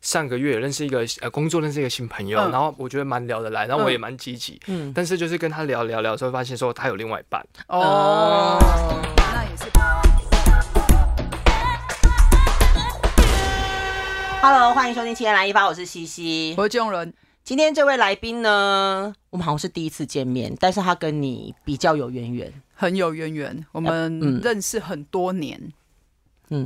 上個月認識一個呃，工作認識一個新朋友，嗯、然後我覺得蠻聊得來，然後我也蠻積極、嗯嗯，但是就是跟他聊聊聊之後，發現說他有另外一半哦、嗯。Hello，歡迎收聽七天來一發，我是西西，我是鄭人。今天這位來賓呢，我們好像是第一次見面，但是他跟你比較有淵源遠，很有淵源，源，我們認識很多年。嗯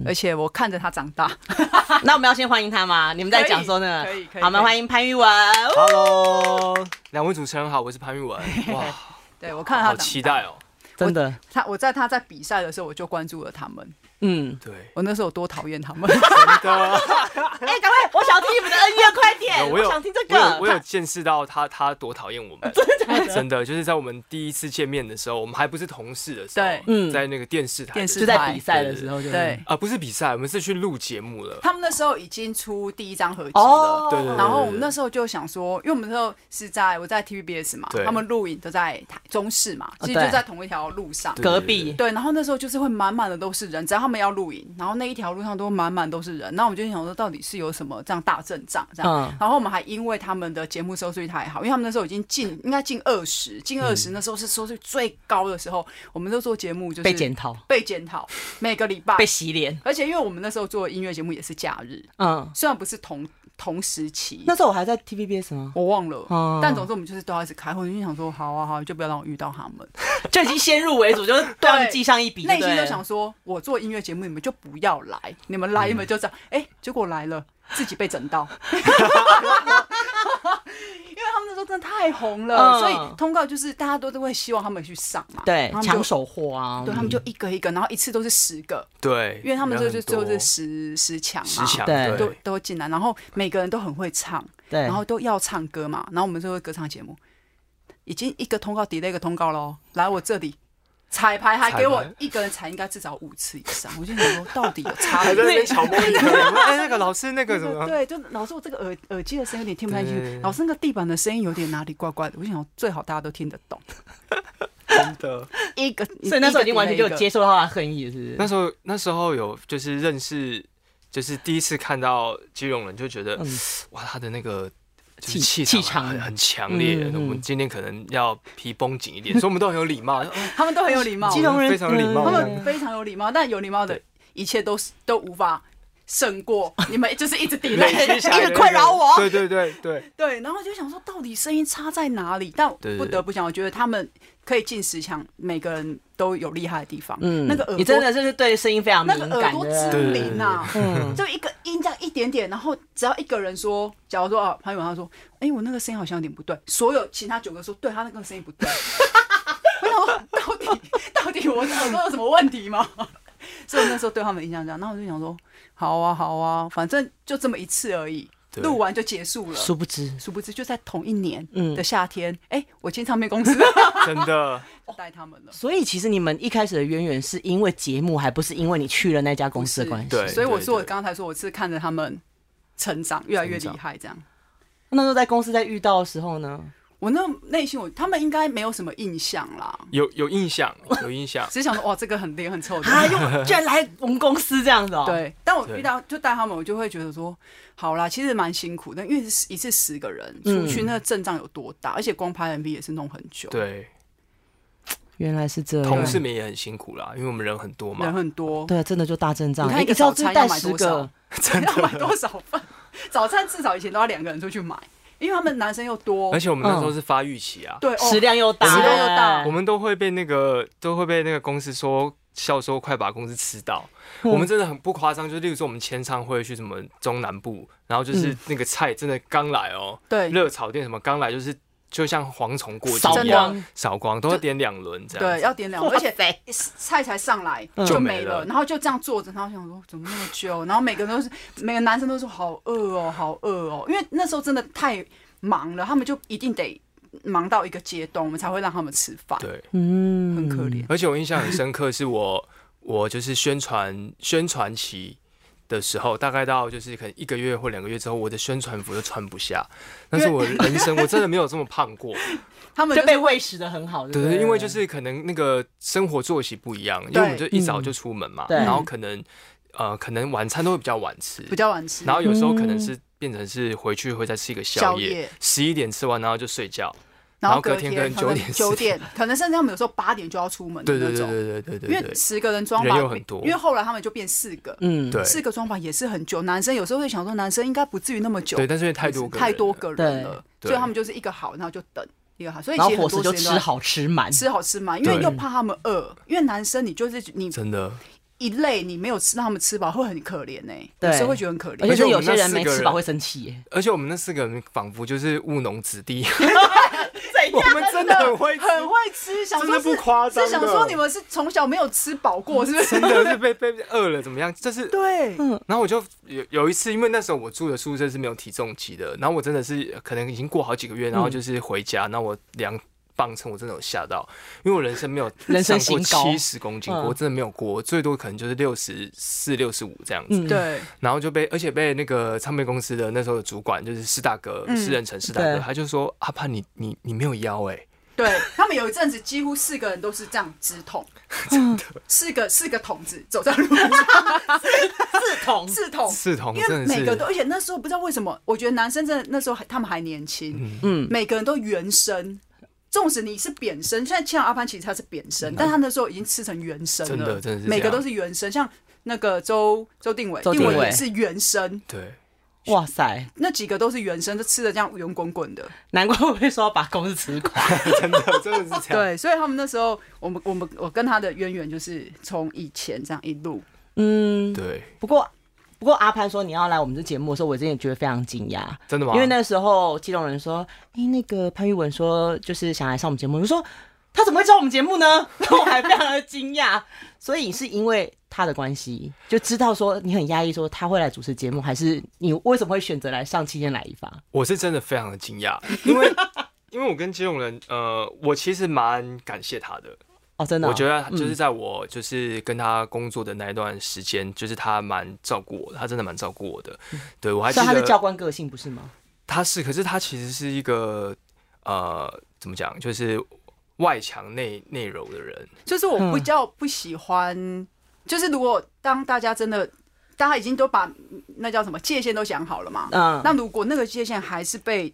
而且我看着他長大 ， 那我們要先歡迎他嗎？你們在講說呢？可以，可以。可以，好，可以，我們歡迎潘裕文。Hello，兩位主持人好，我是潘裕文。 哇，對我看他，好期待哦，真的。他我在他在比賽的時候，我就關注了他們。嗯，對我那時候多討厭他們。 真的、啊，哎、欸，趕快，我想聽你們的恩怨，快點！ 我有我想聽這個，我有，我有見識到他他多討厭我們， 真，的 真的，就是在我們第一次見面的時候，我們還不是同事的時候，對，嗯，在那個電視台，電視台，在比賽的時候、嗯就對對對，對，啊，不是比賽，我們是去錄節目了。他們那時候已經出第一張合集了，對、oh，然後我們那時候就想說，因為我們那時候是在我在 TVBS 嘛，對他們錄影都在台中視嘛，其實就在同一條路上，隔壁，對，然後那時候就是會滿滿的都是人，只要他們。他們要露營，然後那一條路上都滿滿都是人，那我們就想說，到底是有什麼這樣大陣仗？這樣、嗯，然後我們還因為他們的節目收視率太好，因為他們那時候已經進，應該進二十，進二十那時候是收視率最高的時候，嗯、我們都做節目就是被檢討，被檢討，每個禮拜被洗臉，而且因為我們那時候做的音樂節目也是假日，嗯，雖然不是同。同時期，那時候我還在 TVBS 嗎？我忘了，嗯、但總之我們就是都要一直開會，就、嗯、想說好啊好，就不要讓我遇到他們， 就已經先入為主， 就是都要記上一筆，內心就想說，我做音樂節目，你們就不要來，你們來、嗯、你們就這樣，哎、欸，結果來了，自己被整到。 因為他們那時候真的太紅了、嗯，所以通告就是大家都都會希望他們去上嘛，對，搶手貨啊，對，他們就一個一個，然後一次都是十個，嗯、對，因為他們就是候就是十十強，十強嘛對，對，都都進來，然後每個人都很會唱，對，然後都要唱歌嘛，然後我們就會歌唱節目，已經一個通告疊一個通告嘍，來我這裡。彩排還給我一個人彩，應該至少五次以上。我就想說，到底有差別？ 在那邊小波一個、欸，哎、 欸，那個老師，那個什麼？對，對，對，就老師，我這個耳耳機的聲音有點聽不太清楚。老師，那個地板的聲音有點哪裡怪怪的。我想我最好大家都聽得懂。真的，一個，所以那時候已經完全就接受到他的恨意，是不是？那時候，那時候有就是認識，就是第一次看到基隆人，就覺得、嗯、哇，他的那個。氣氣場很氣場很強烈。嗯嗯，我們今天可能要皮繃緊一點，所、嗯、以、嗯、我們都很有禮貌、 哦，他們都很有禮貌他，非常有禮貌、嗯嗯，他們非常有禮貌，但有禮貌的一切都是都無法。勝過你們就是一直抵賴，一直困擾我。對對對對對，對， 對，然後就想說到底聲音差在哪裡？但不得不講，我覺得他們可以進十強，每個人都有厲害的地方。嗯，那個耳朵你真的就是對聲音非常敏感，那個耳朵之靈啊！嗯，就一個音這樣一點點，然後只要一個人說，假如說啊潘裕文說：“哎、欸，我那個聲音好像有點不對。”所有其他九個說：“對他那個聲音不對。 ”我想說到底到底我耳朵有什麼問題嗎？所以我那時候對他們印象這樣，那我就想說，好啊，好啊，反正就這麼一次而已，錄完就結束了。殊不知，殊不知就在同一年的夏天，哎、嗯欸，我進唱片公司， 真的帶他們了。Oh, 所以其實你們一開始的淵源是因為節目，還不是因為你去了那家公司的關係。對，所以我說我剛才說我是看着他們成長越來越厲害，這樣。那時候在公司在遇到的時候呢？我那內心我，我他們應該沒有什麼印象啦。有有印象，有印象， 只是想說，哇，這個很屌，很臭。他 又居然來我們公司這樣子。喔。對，但我遇到就帶他們，我就會覺得說，好啦，其實蠻辛苦的，因為一次十個人出去，那個陣仗有多大，嗯？而且光拍 MV 也是弄很久。對，原來是這樣。同事們也很辛苦啦，因為我們人很多嘛，人很多。對，真的就大陣仗。你看，一個早餐要買多少？真的 要買多少份？早餐至少以前都要兩個人出去買。因為他們男生又多，而且我們那時候是發育期啊，嗯、對，哦、食量又大，食量又大，我們都會被那個都會被那個公司說笑說快把公司吃倒。嗯、我們真的很不誇張，就例如說我們簽唱會去什麼中南部，然後就是那個菜真的剛來哦，對、嗯，熱炒店什麼剛來就是。就像蝗蟲過境一樣，掃光，掃光都要點兩輪這樣子，對，要點兩輪，而且菜才上來 就沒了，然後就這樣坐着，然後想說怎麼那麼久？然後每個都是 每個男生都說好餓哦，好餓哦，因為那時候真的太忙了，他們就一定得忙到一個階段，我們才會讓他們吃飯。對，嗯，很可憐。而且我印象很深刻，是我我就是宣傳 宣傳期，的時候，大概到就是可能一個月或兩個月之後，我的宣傳服都穿不下。 但是，我人生我真的沒有這麼胖過。他 們被餵食的很好，對對，對？因為就是可能那個生活作息不一樣，因為我們就一早就出門嘛，然後可能、嗯、呃，可能晚餐都會比較晚吃，比較晚吃，然後有時候可能是變成是回去會再吃一個宵夜，十一點吃完然後就睡覺。然後隔天九點，點，點、九點，可能甚至他們有時候八點就要出門的那種，對對對對，對，對，對，因為十個人妝髮，因為後來他們就變四個，嗯，四個妝髮也是很久。男生有時候會想說，男生應該不至於那麼久，對，但是太多太多個人了對對，所以他們就是一個好，然後就等一個好，所以然後伙食就吃好吃滿，吃好吃滿，因為又怕他們餓，因為男生你就是你真的。一類你沒有吃，他們吃飽會很可憐呢、欸。對，有時候會覺得很可憐、欸。而且，而且有些人沒吃飽會生氣、欸。而且我們那四個人仿佛就是務農子弟 ， 我們真的很會吃 很會吃，想說真的不誇張。是想說你們是從小沒有吃飽過，是不是？ 真的是被被餓了怎麼樣？就是對。嗯。然後我就有有一次，因為那時候我住的宿舍是沒有體重計的，然後我真的是可能已經過好幾個月，然後就是回家，那我量。嗯磅秤，我真的有嚇到，因為我人生沒有人生過七十公斤，我真的沒有過，嗯、最多可能就是六十四、六十五這樣子。對、嗯，然後就被而且被那個唱片公司的那時候的主管就是施大哥，嗯、施人誠施大哥，他就說阿、啊、潘你你你沒有腰哎、欸。對，他們有一陣子幾乎四個人都是這樣直筒， 真的四個四個筒子走在路上，四筒四筒四筒， 四筒四筒每個都而且那時候不知道為什麼，我覺得男生真的那時候他們還年輕，嗯，每個人都原生。縱使你是扁身，雖然像阿潘，其實他是扁身，嗯，但他那時候已經吃成圓身了，真的真的。每個都是圓身，像那個周周定偉，定偉是圓身。對，哇塞，那幾個都是圓身，都吃的這樣圓滾滾的。難怪我會說要把公司吃垮， 真的真的是這樣。對，所以他們那時候，我們我們我跟他的淵源就是從以前這樣一路，嗯，對。不過。不過阿潘說你要來我們這節目的時候，我真的覺得非常驚訝，真的嗎？因為那時候金榮仁說：“哎、欸，那個潘裕文說就是想來上我們節目。”我就說：“他怎麼會知道我們節目呢？” 我還非常的驚訝。所以是因為他的關係就知道說你很壓抑，說他會來主持節目，還是你為什麼會選擇來上《七天來一發》？我是真的非常的驚訝，因為因為我跟金榮仁，呃，我其實蠻感謝他的。哦、oh，真的、啊，我覺得就是在我就是跟他工作的那一段時間、嗯，就是他蠻照顧我的，他真的蠻照顧我的。對，我還記得他的教官個性不是嗎？他是，可是他其實是一個呃，怎麼講，就是外強內內柔的人。就是我比較不喜歡，嗯、就是如果當大家真的，大家已經都把那叫什麼界限都想好了嘛，嗯，那如果那個界限還是被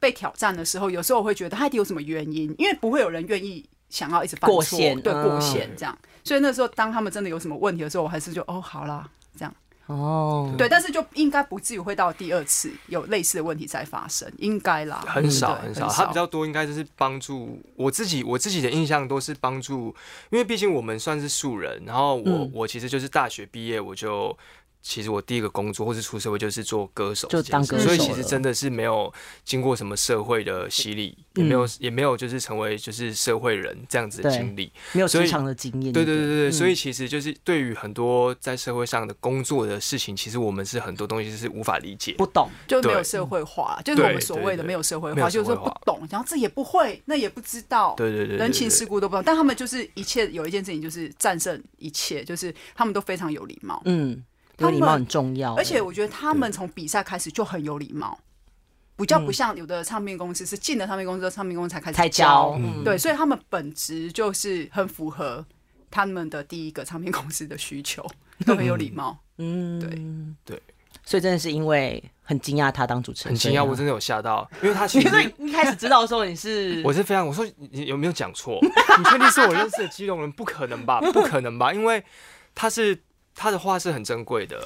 被挑戰的時候，有時候我會覺得他到底有什麼原因？因為不會有人願意。想要一直過線、啊，對，過線這樣，所以那時候當他們真的有什麼問題的時候，我還是就哦，好啦這樣哦，對，但是就應該不至於會到第二次有類似的問題再發生，應該啦，很少很少，很少，他比較多應該就是幫助我自己，我自己的印象都是幫助，因為畢竟我們算是素人，然後我、嗯、我其實就是大學畢業我就。其實我第一個工作或是出社會就是做歌手，就當歌手，所以其實真的是沒有經過什麼社會的洗禮，也沒有也沒有就是成為就是社會人這樣子的經歷，沒有非常的經驗。對對對對，對，嗯、所以其實就是對於很多在社會上的工作的事情，其實我們是很多東西是無法理解、不懂，就沒有社會化，嗯、就是我們所謂的沒有社會化，就是說不懂，然後這也不會，那也不知道，對對對，對，人情世故都不懂。但他們就是一切有一件事情就是戰勝一切，就是他們都非常有禮貌，嗯。他禮貌很重要、欸，而且我覺得他們從比賽開始就很有禮貌，比較不像有的唱片公司是進了唱片公司、嗯，唱片公司才開始教、嗯。對，所以他們本質就是很符合他們的第一個唱片公司的需求，嗯、都很有禮貌。嗯，對對，所以真的是因為很驚訝他當主持人、啊，很驚訝我真的有嚇到，因為他其實一 開始知道的時候你是我是非常我說你有沒有講錯？ 你確定說我是我認識的基隆人？不可能吧？不可能吧？ 因為他是。他的話是很珍貴的。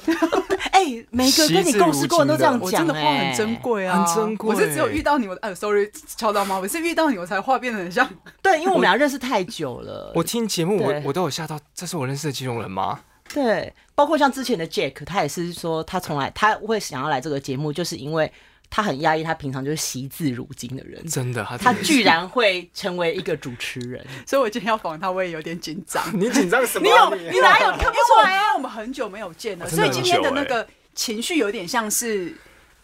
哎、 欸，每個跟你共事過的人都這樣講、欸，我真的話很珍貴啊，很珍貴。我是只有遇到你們，哎呦，sorry，敲到嗎？每次遇到你我才話變得很像。對，因為我們倆認識太久了。我，我聽節目，我我都有嚇到，這是我認識的幾種人嗎？對，包括像之前的 Jack，他也是說他從，他從來他會想要來這個節目，就是因為。他很壓抑，他平常就是惜字如金的人，真的，他真的，他居然會成為一個主持人，所以我今天要訪他，我也有點緊張。你緊張什麼啊你啊？ 你有，你哪有？你看不出來啊，我們，啊欸、 我們很久沒有見了，所以今天的那個情緒有點像是，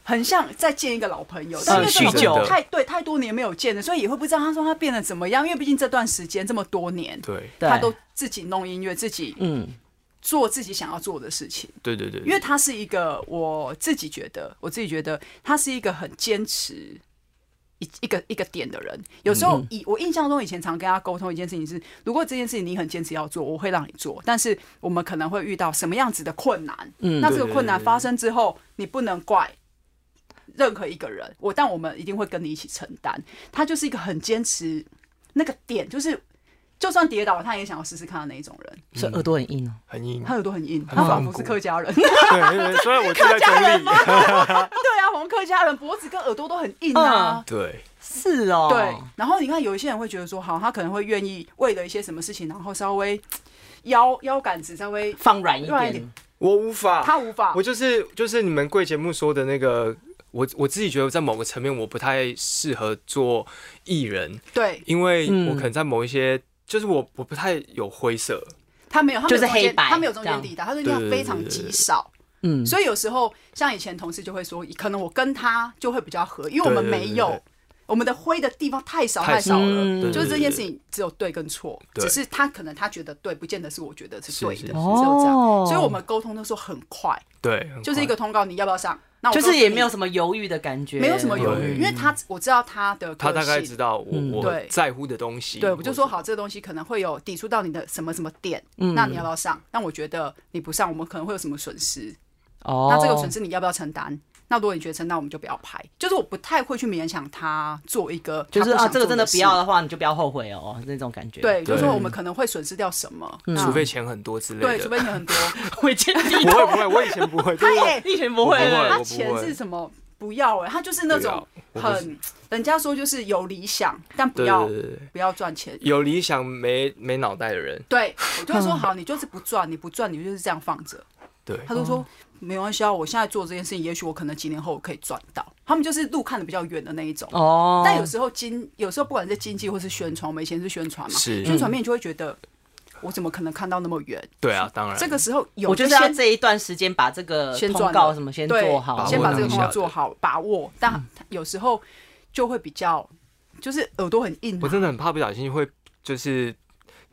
很像在見一個老朋友，是但因為太久太對太多年沒有見了，所以也會不知道他說他變得怎麼樣，因為畢竟這段時間這麼多年，對，他都自己弄音樂，自己嗯。做自己想要做的事情，對對對，因為他是一個我自己覺得，我自己覺得他是一個很堅持一一個一個點的人，有時候以我印象中以前常跟他溝通一件事情是，如果這件事情你很堅持要做，我會讓你做。但是我們可能會遇到什麼樣子的困難，嗯，那這個困難發生之後，你不能怪任何一個人，我但我們一定會跟你一起承擔。他就是一個很堅持那個點，就是。就算跌倒，他也想要試試看的那種人，是、嗯、耳朵很硬哦、嗯，很硬。他耳朵很硬，他仿佛，他仿佛是客家人。對，所以我是在客家人嗎？ 對啊，我們客家人脖子跟耳朵都很硬啊。嗯、對，對，是哦、喔。對，然後你看，有一些人會覺得說，好，他可能會願意為了一些什麼事情，然後稍微腰腰，腰桿子稍微軟放軟一點。我無法，他無法，我就是就是你們貴節目說的那個，我我自己覺得在某個層面我不太適合做藝人。對，因為我可能在某一些。就是我，我不太有灰色，他沒有，它沒有中間，他，就是黑白，沒有中間地帶，他是那非常極少，嗯，所以有時候像以前同事就會說，可能我跟他就會比較合，因為我們沒有。對對對對。我們的灰的地方太少太少了，嗯、就是這件事情只有對跟錯，只是他可能他覺得對，不見得是我覺得是對的，是是是只有這樣。哦、所以我們溝通的時候很快，對，就是一個通告，你要不要上？那我就是也沒有什麼猶豫的感覺，欸、沒有什麼猶豫、嗯，因為他我知道他的，他大概知道我、嗯、我在乎的東西，對，對我就說好，這個東西可能會有抵觸到你的什麼什麼點，嗯、那你要不要上？那、嗯、我覺得你不上，我們可能會有什麼損失，哦，那這個損失你要不要承擔？那如果你覺得，那我們就不要拍。就是我不太會去勉強他做一個做，就是啊，這個真的不要的話，你就不要後悔哦，那種感覺。對，就是說我們可能會損失掉什麼、嗯，除非錢很多之類的。對，除非錢很多，會錢不會不會，我以前不會，他以前不會，他錢是什麼不要哎、欸，他就是那種很，人家說就是有理想，但不要對對對對不要賺錢，有理想沒沒腦袋的人。對，我就說好，你就是不賺，你不賺，你就就是這樣放着。 對，他就說。嗯沒有關係啊，我現在做這件事情，也許我可能幾年後可以賺到。他們就是路看得比較遠的那一種哦。但有時候經，有時候不管是經濟或是宣傳，我們以前是宣傳嘛，嗯、宣傳面就會覺得我怎麼可能看到那麼遠？對啊，當然。這個時候有，我就是要這一段時間把這個通告什麼先做好，先把這個通告做好，把握。但有時候就會比較，就是耳朵很硬、啊。我真的很怕不小心會就是。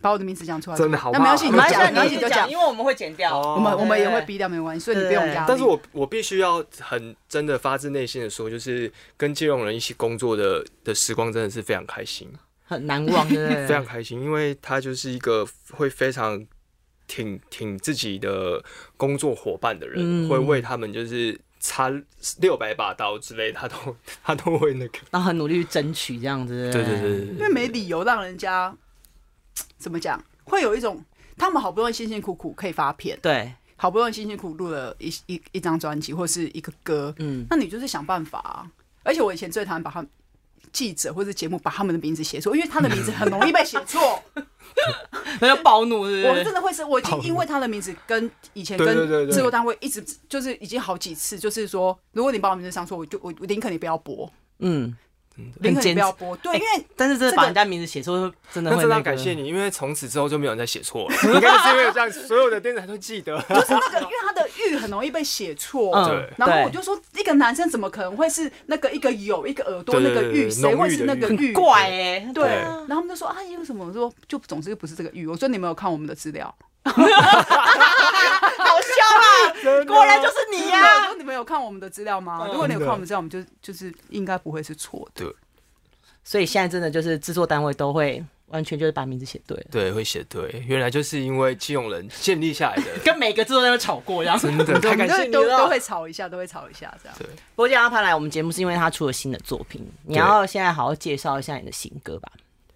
把我的名字講出來，真的好嗎？那沒有關係，你講，沒關係你講，因為我們會剪掉，哦、我們對對對我們也會逼掉，沒有關係，所以你不用。但是我我必須要很真的發自內心的說，就是跟基隆人一起工作的的時光真的是非常開心，很難忘，的 非常開心，因為他就是一個會非常挺挺自己的工作伙伴的人，嗯，會為他們就是插六百把刀之類，他都他都會那個，然後很努力去爭取這樣子，對對對，對，因為沒理由讓人家。怎麼講？會有一種他們好不容易辛辛苦苦可以發片，對，好不容易辛辛苦錄了一一一張專輯或是一個歌，嗯，那你就是想辦法啊。而且我以前最討厭把他們記者或者節目把他們的名字寫錯，因為他的名字很容易被寫錯。那要暴怒是？我真的會是，我已經因為他的名字跟以前跟製作單位一直就是已經好幾次，就是說，如果你把我的名字上錯，我就我寧可你不要播，嗯。連很不要播，對，因、欸、為，但是這把人家名字寫錯，這個，真的非常、那個、感謝你，因為從此之後就沒有人再寫錯了。你看之前有這樣子， 所有的電視台都記得，就是那個， 因為他的玉很容易被寫錯、嗯。對。然後我就說，一個男生怎麼可能會是那個一個有一個耳朵那個玉？誰會是那個玉？玉怪、欸？哎、啊，對。然後他們就說啊，因為什麼？我說就總之又不是這個玉。我說你沒有看我們的資料？ 果然就是你呀、啊！你們有看我們的資料嗎？Uh, 如果你有看我們的資料，我們就就是應該不會是錯的。對。所以現在真的就是製作單位都會完全就是把名字寫對。對，會寫對。原來就是因為金融人建立下來的， 跟每個製作單位吵過一樣。真的， 都 都、都、都會吵一下，都會吵一下這樣。對。不過今天他來我們節目，是因為他出了新的作品。你要現在好好介紹一下你的新歌吧。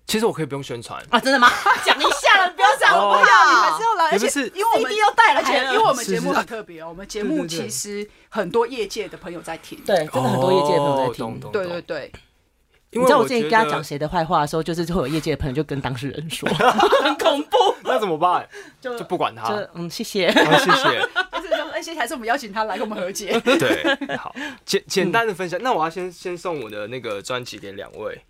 其實我可以不用宣傳啊，真的嗎？講 一下了，不要這樣好不好？你們又來，而且因為我們要帶了錢，是是，而且因為我們節目很特別哦、啊。我們節目其實很多業界的朋友在聽，對，真的很多業界的朋友在聽，哦、對對對，對因為。你知道我最近跟他講誰的壞話的時候，就是會有業界的朋友就跟當事人說， 很恐怖。 那怎麼辦？就，就不管他就。嗯，謝謝，謝謝。但是哎，謝謝， 就是嗯、還是我們邀請他來跟我們和解。 對，好，簡簡單的分享。嗯、那我要先先送我的那個專輯給兩位。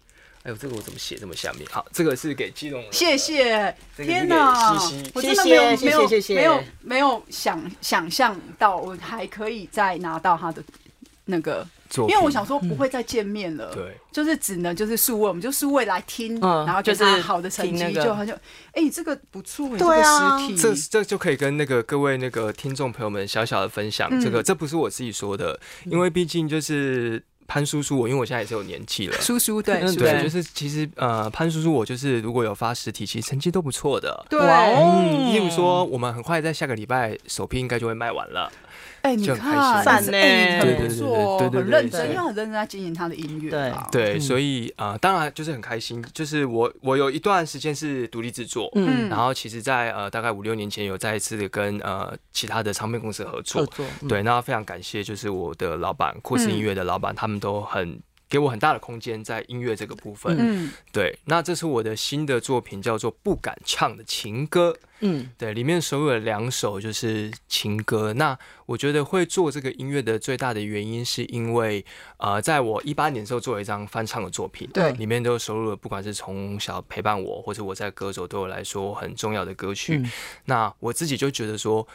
哎呦，這個我怎麼寫這麼下面？好、啊，這個是給基隆。謝謝、這個、希希天哪、啊！謝謝沒謝謝謝謝有、沒有沒有想想象到，我還可以再拿到他的那個，因為我想說不會再見面了。嗯、對，就是只能就是數位，我們就是數位來聽，嗯、然後就是好的成績、就是那個、就很像。哎、欸，這個不錯、啊嗯，這個這這就可以跟那個各位那個聽眾朋友們小小的分享。這個、嗯、這不是我自己說的，因為畢竟就是。潘叔叔我，我因為我現在也是有年紀了，叔叔對， 對，就是其實呃，潘叔叔我就是如果有發實體，其實成績都不錯的，對，嗯、例如說我們很快在下個禮拜首批應該就會賣完了。哎、欸，你看，很不錯，哦，很認真，因為很認真在經營他的音樂。對，對，所以啊，呃，當然就是很開心。就是我，我有一段時間是獨立製作，嗯，然後其實在，在呃大概五六年前，有再一次跟呃其他的唱片公司合作。合作嗯、對，那非常感謝，就是我的老闆酷星音樂的老闆，嗯，他們都很。給我很大的空間在音樂這個部分，嗯，對。那這是我的新的作品，叫做《不敢唱的情歌》，嗯，對，裡面收錄了兩首就是情歌。那我覺得會做這個音樂的最大的原因，是因為呃，在我一八年的時候做了一張翻唱的作品，對，裡面都收錄了不管是從小陪伴我，或者我在歌手對我來說很重要的歌曲。嗯，那我自己就覺得說。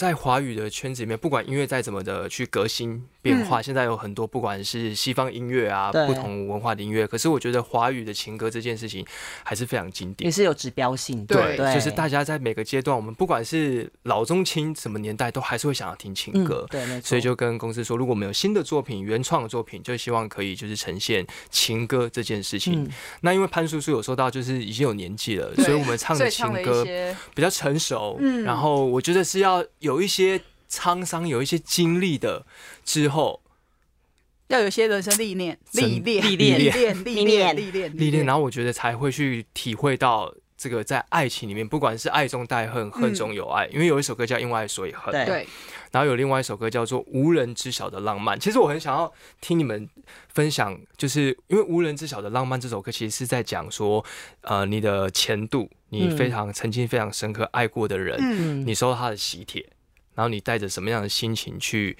在華語的圈子裡面，不管音樂再怎麼的去革新變化，現在有很多不管是西方音樂啊，不同文化的音樂。可是我覺得華語的情歌這件事情還是非常經典，也是有指標性，對，就是大家在每個階段，我們不管是老中青什麼年代，都還是會想要聽情歌。對，所以就跟公司說，如果我們有新的作品、原創的作品，就希望可以就是呈現情歌這件事情。那因為潘叔叔有說到，就是已經有年紀了，所以我們唱的情歌比較成熟。嗯，然後我覺得是要有。有一些滄桑，有一些經歷的之後，要有些人生歷練，歷練，歷練，歷練，歷練，歷練，然後我覺得才會去體會到這個在愛情裡面，不管是愛中帶恨，恨中有愛，嗯，因為有一首歌叫《因為愛所以恨》，對。然後有另外一首歌叫做《無人知曉的浪漫》，其實我很想要聽你們分享，就是因為《無人知曉的浪漫》這首歌，其實是在講說，呃，你的前度，你非常曾經非常深刻愛過的人，嗯，你收到他的喜帖。然後你帶着什麼樣的心情去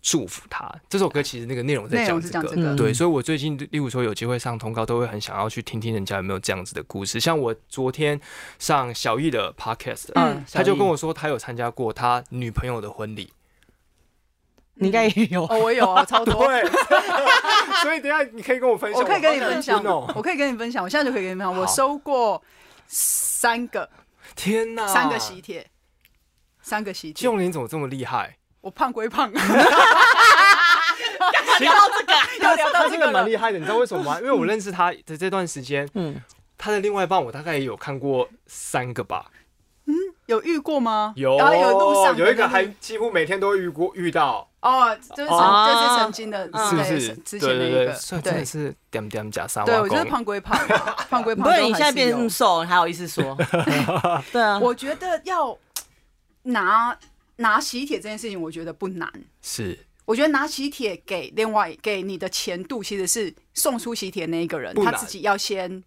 祝福他？這首歌其實那個內容在講、這個、這個，對、嗯。所以我最近，例如說，有機會上通告，都會很想要去聽聽人家有沒有這樣子的故事。像我昨天上小易的 Podcast，嗯，他就跟我說他有參加過他女朋友的婚禮、嗯嗯。你應該也有 哦，我有啊，超多。 對 所以等一下你可以跟我分享， 我可以跟你分享 okay, 我可以跟你分享，我現在就可以跟你分享。 我收過三個，天哪，三個喜帖。三個喜劇，基隆人怎麼這麼厲害？我胖歸胖， 聊，這個、 聊到這個，他真的蠻厲害的，你知道為什麼嗎？ 因為我認識他的這段時間，嗯，他的另外一半我大概也有看過三個吧，嗯，有遇過嗎？有，然後有路上有一個還幾乎每天都會遇過遇到，哦，就是、啊、就這曾經的，是、啊、是？之前的一個，是是對對對對對對對真的是點點三萬公，我、就是胖歸胖， 胖歸胖是，不過你現在變這麼瘦，還好意思說？ 對啊， 我覺得要。拿拿喜帖這件事情，我覺得不難。是，我覺得拿喜帖給另外給你的前度，其實是送出喜帖那一個人，他自己要先，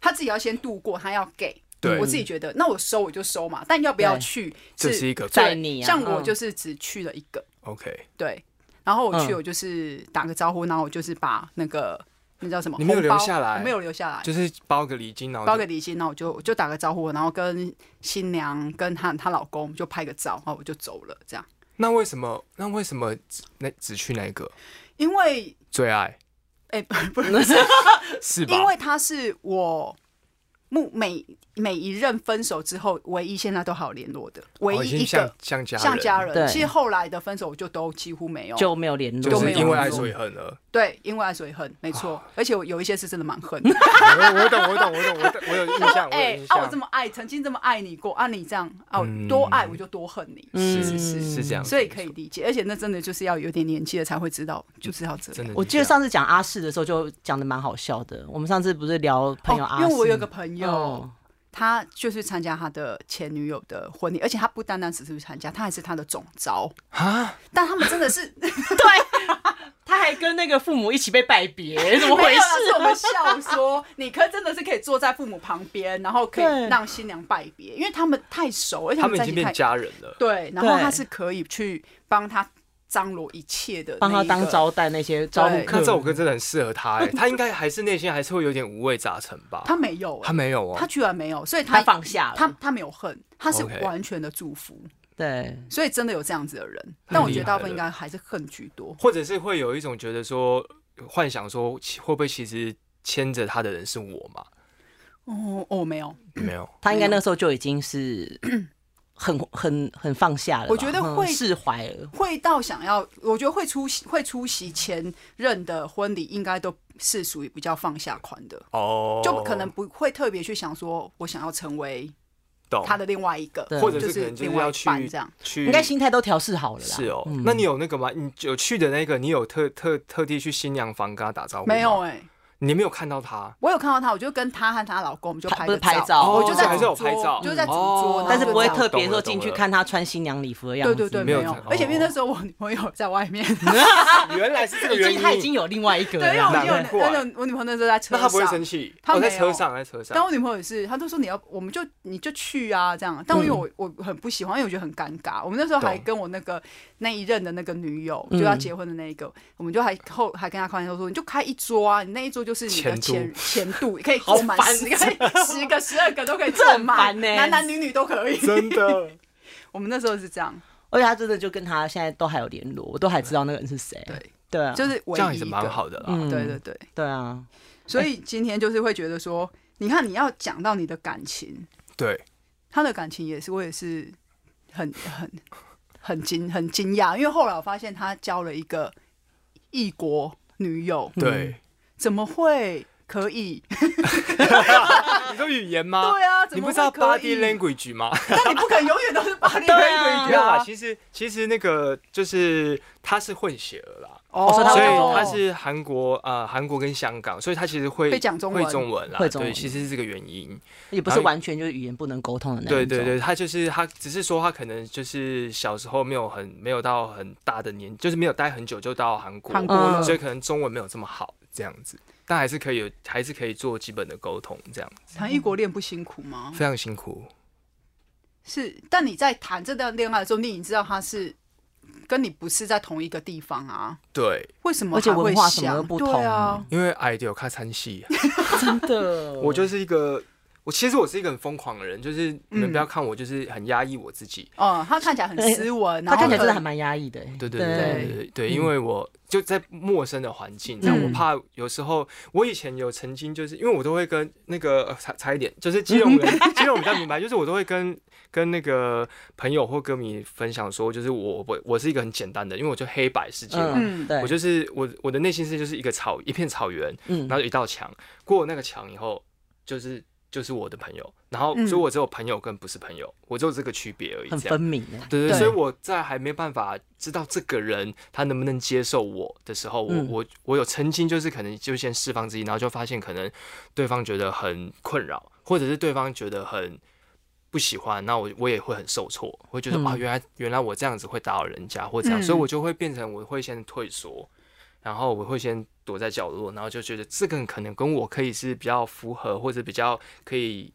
他自己要先度過，他要給。對我自己覺得，那我收我就收嘛，但你要不要去是，這是一個在你、啊、像我就是只去了一個。OK，對，然後我去我就是打個招呼，嗯、然後我就是把那個。你知道什麼？你沒有留下來，沒有留下來，就是包個禮金，金，然後包個禮金，然後我就就打個招呼，然後跟新娘跟她她老公就拍個照，然後我就走了。這樣。那為什麼？那為什麼那只，只去哪個？因為最愛。哎、欸，不是， 是吧？因為他是我。每每一任分手之後，唯一現在都好聯絡的，唯一一個、哦、像，像家人，像家人對。其實後來的分手我就都幾乎沒有，就沒有聯絡，絡，就有、是，因為愛所以恨了。對，因為愛所以恨，沒錯、啊。而且我有一些是真的蠻恨。我懂，我懂，我懂，我懂，我有印象，我象、欸、啊，我這麼愛，曾經這麼愛你過，啊、嗯啊、你這樣，哦、啊，多愛我就多恨你、嗯，是是是。是是是，是這樣。所以可以理解，而且那真的就是要有點年紀了才會知道，嗯、就是要這，這樣。我記得上次講阿四的時候，就講的蠻好笑的。我們上次不是聊朋友阿四，因為我有個朋友。有、哦，他就是參加他的前女友的婚禮，而且他不單單只是參加，他還是他的總招啊！但他們真的是， 對，他還跟那個父母一起被拜別，怎麼回事啊？ 我們笑說，你可真的是可以坐在父母旁邊，然後可以讓新娘拜別，因為他們太熟，而且他們、他們已經變家人了。對，然後他是可以去幫他。張羅一切的，幫他當招待那些招呼，可這首歌真的很適合他，他應該還是內心還是會有點五味雜陳吧。他沒有，他沒有，他居然沒有，所以他，他放下了。他他沒有恨，他是完全的祝福。對，okay，所以真的有這樣子的人。但我覺得大部分應該還是恨居多，或者是會有一種覺得說，幻想說會不會其實牽着他的人是我嘛？哦哦，沒有沒有，他應該那時候就已經是。 很很很放下了，我覺得會釋懷、嗯、了，會到想要，我覺得會出席，會出席前任的婚禮，應該都是屬於比較放下款的哦，oh, 就可能不會特別去想說我想要成為他的另外一個，就是、一個或者是另外去半這樣，應該心態都調試好了啦。是哦、嗯，那你有那個嗎？你有去的那個，你有特特特地去新娘房跟他打招呼沒有、欸？哎。你沒有看到他，我有看到他，我就跟她和她老公，我們就拍拍照，我就在桌，就在主桌，嗯喔。但是不會特別說進去看他穿新娘禮服的樣子。對對對，沒有。沒有哦，而且因為那時候我女朋友在外面， 原來是這個原因她已，已經有另外一個了 對對對，對，因為我有我女朋友那時候在車上，她不會生氣，她，哦，在車上在車上。但我女朋友也是，她都說你要，我們就你就去啊，這樣。但我因為我我很不喜歡，嗯，因為我覺得很尷尬。我們那時候還跟我那個那一任的那個女友就要結婚的那一個，嗯，我們就還後還跟她開玩笑說，你就開一桌啊，你那一桌就。就是你的前前,前度也 可以好滿十個、十個、十二個都可以這麼滿呢，男男女女都可以。真的， 我們那時候是這樣，而且他真的就跟他現在都還有聯絡，我都還知道那個人是誰。對對啊，就是一一這樣也是蠻好的啦、嗯。對對對，對啊。所以今天就是會覺得說，欸、你看你要講到你的感情，對他的感情也是我也是很很很驚很驚訝，因為後來我發現他交了一個異國女友，對。嗯怎麼會可以 、啊？你說語言嗎？對啊，你不知道 body language 嗎？那你不可能永遠都是 body language 對、啊。language 啦，其實其實那個就是他是混血啦、哦，所以他是韓國、哦是韓國哦、呃韓國跟香港，所以他其實會會講中文，會中文啦。對，其實是這個原因，也不是完全就是語言不能溝通的那種。對對對，他就是他只是說他可能就是小時候沒有很沒有到很大的年，就是沒有待很久就到韓國，韓、嗯、國，所以可能中文沒有這麼好。這樣子，但還是可以有，還是可以做基本的溝通。這樣子談異國戀不辛苦嗎？非常辛苦。是，但你在談這段戀愛的時候，你已經知道他是跟你不是在同一個地方啊。對，為什麼會？而且文化什麼都不同啊。因為愛到卡慘死。 真的，我就是一個。我其實我是一個很瘋狂的人，就是你們不要看我，就是很壓抑我自己、嗯。哦，他看起來很斯文、欸，他看起來真的還蠻壓抑的、欸。對對對對對，對，對，對，對、嗯、對，因為我就在陌生的環境、嗯，但我怕有時候，我以前有曾經就是，因為我都會跟那個、呃、差差一點，就是基隆人，基、嗯、隆比較明白， 就是我都會跟跟那個朋友或歌迷分享說，就是我我我是一個很簡單的，因為我就黑白世界嘛、嗯，我就是我我的內心是就是一個草一片草原，然後一道牆、嗯，過那個牆以後就是。就是我的朋友，然後所以，我只有朋友，跟不是朋友，嗯、我只有這個區別而已這樣，很分明。對對，對，對，所以我在還沒辦法知道這個人他能不能接受我的時候，我、嗯、我我有曾經就是可能就先釋放自己，然後就發現可能對方覺得很困擾，或者是對方覺得很不喜歡，那我我也會很受挫，會覺得、嗯、啊，原來原來我這樣子會打擾人家或這樣、嗯，所以我就會變成我會先退縮。然後我會先躲在角落，然後就覺得這個可能跟我可以是比較符合或者比較可以，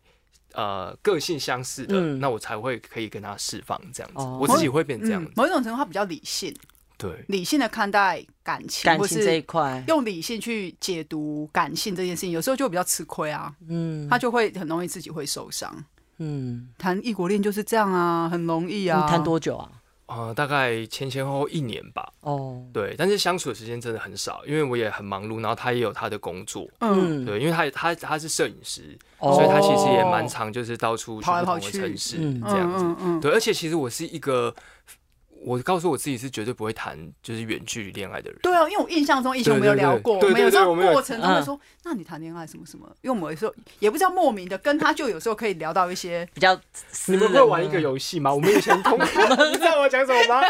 呃，個性相似的，嗯、那我才會可以跟他釋放這樣子、哦，我自己會變成這樣子、嗯。某一種程度他比較理性，對，理性的看待感情，感情這一塊，或是用理性去解讀感性這件事情，有時候就比較吃虧啊，嗯，他就會很容易自己會受傷，嗯，談異國戀就是這樣啊，很容易啊，你談多久啊？呃，大概前前後後一年吧。哦、oh.，對，但是相處的時間真的很少，因為我也很忙碌，然後他也有他的工作。嗯，對，因為他他他是攝影師，oh. 所以他其實也蠻常就是到處去不同的城市跑跑，嗯，這樣子嗯嗯嗯。對，而且其實我是一個。我告訴我自己是絕對不會談就是遠距離戀愛的人。對啊、哦，因為我印象中以前沒有聊過，沒有這個過程中會說，嗯、那你談戀愛什麼什麼？因為我們有時候也不知道莫名的跟他就有時候可以聊到一些比較。你們會玩一個遊戲嗎？我們以前通告， 你知道我講什麼嗎？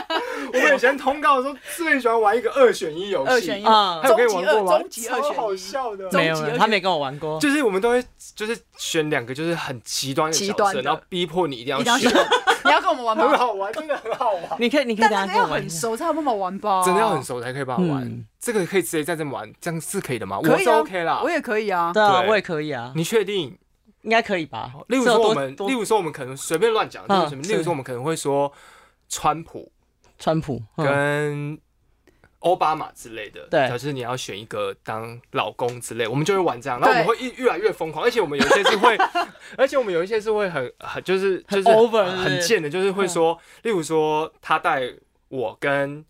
我們以前通告的時候最喜歡玩一個二選一遊戲，二選一他、嗯、有跟我玩過嗎？終極二終極二好笑的終極二，他沒跟我玩過。就是我們都會就是選兩個就是很極端的角色的，然後逼迫你一定要選。你要跟我們玩嗎？很好玩，真的很好玩。你可以，你可以，真的要很熟才有辦法玩吧？真的要很熟才可以跟我玩，嗯。這個可以直接在這邊玩，這樣是可以的嗎？可以，啊，我是 OK 啦，我也可以啊。對啊，對我也可以啊。你確定？應該可以吧？例如說我們，例如說我們可能隨便亂講，嗯，例如說我們可能會說川普，川普跟。奧巴馬之類的，對，就是你要選一個當老公之類，我們就會玩這樣，然後我們會越來越瘋狂，而且我們有一些是會， 而且我們有一些是會很很就是很 over，就是很賤的，就是會說，例如說他帶我跟。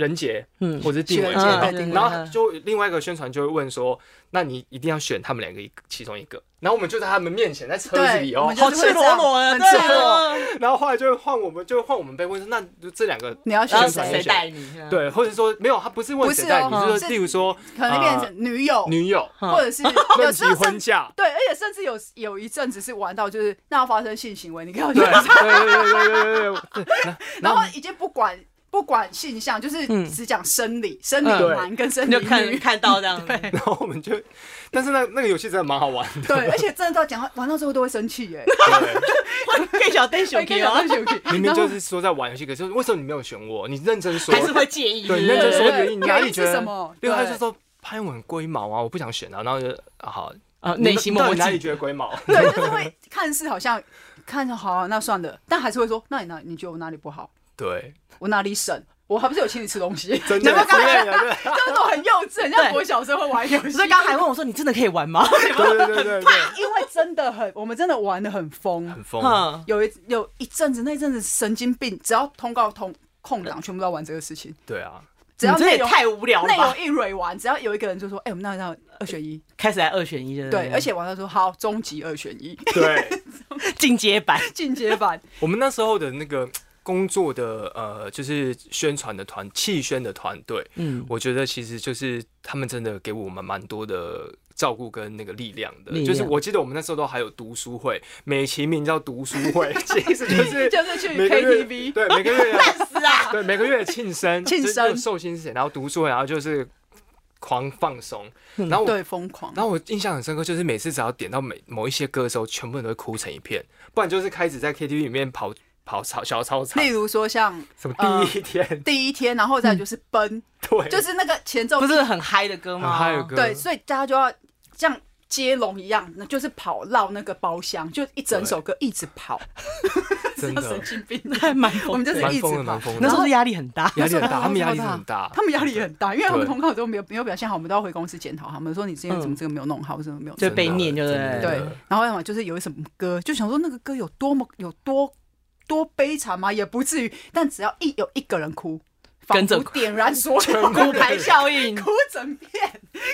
人傑，嗯，或者是地位，然後就另外一個宣傳就會問說，那你一定要選他們兩個一其中一個，然後我們就在他們面前在車子裡哦、喔，好赤裸裸的，對、啊。然後後來就會換我們，就換我們被問說，那就這兩個就你要選誰？誰帶你？對，或者說沒有，他不是問誰帶你，就是例、喔、如說，可能變成女友，呃、女友，或者是沒有婚嫁 有對，而且甚至有有一陣子是玩到就是要發生性行為，你跟我講。對對對對對。 然後已經不管。不管性向，就是只講生理，生理男跟生理女，嗯、看，看到這樣。對，然後我們就，但是那那個遊戲真的蠻好玩的。對，而且真的到講玩到最後都會生氣耶。哈哈哈哈哈。你 跟小明明、欸、就是說在玩遊戲，可是為什麼你沒有選我？你認真說，還是會介意。對，你認真說，對對對，你哪裡覺得對對對對什麼？因為他就說潘文龜毛啊，我不想選啊，然後就啊好啊，內心我哪裡覺得龜毛？對，就是會看似好像看着好，啊，那算了，但還是會說，那你哪你覺得我哪裡不好？對我哪裡省？我還不是有請你吃東西？真的，真 的，真的很幼稚，很像我小時候玩遊戲。所以剛才還問我說：“你真的可以玩嗎？” 對,對,對對對對因為真的很，我們真的玩的很瘋，很瘋。有一有一陣子，那陣子神經病，只要通告通空檔，檔全部都要玩這個事情。對啊，只要內容太無聊，內容一蕊完，只要有一個人就說：“哎、欸，我們那那二選一。”開始來二選一對,對,對,對，而且網上說好，終極二選一。對，進 階階版，進 階階版。 我們那時候的那個。工作的呃，就是宣傳的團，企宣的團隊，嗯，我覺得其實就是他們真的給我們蠻多的照顧跟那個力量的力量。就是我記得我們那時候都還有讀書會，美其名叫讀書會， 其實就是就是去 KTV，對，每個月要 啊，對，每個月的慶生慶 生壽星，然後讀書，然後就是狂放鬆、嗯。然後對瘋狂，然後我印象很深刻，就是每次只要點到某某一些歌的時候，全部人都會哭成一片，不然就是開始在 KTV 裡面跑。好，超小操場，例如說像什麼第一天，呃、第一天，然後再就是奔，對、嗯，就是那個前奏，不是很嗨的歌嗎？嗨的歌，對，所以大家就要像接龍一樣，就是跑繞那個包廂，就一整首歌一直跑， 真的神經病，還蠻紅的，我們就是一直跑，那時候壓力很大，壓力很大，他們壓力很大，他們壓力也很大，因為他們通告都沒有沒有表現好，我們都要回公司檢討他們，說你之前怎麼這個沒有弄好，怎麼沒有，就被念就是對，對，然後要麼就是有一首歌，就想說那個歌有多麼有多。多悲慘嗎？也不至於，但只要一有一個人哭，跟着點燃所有，骨牌效應，哭整片，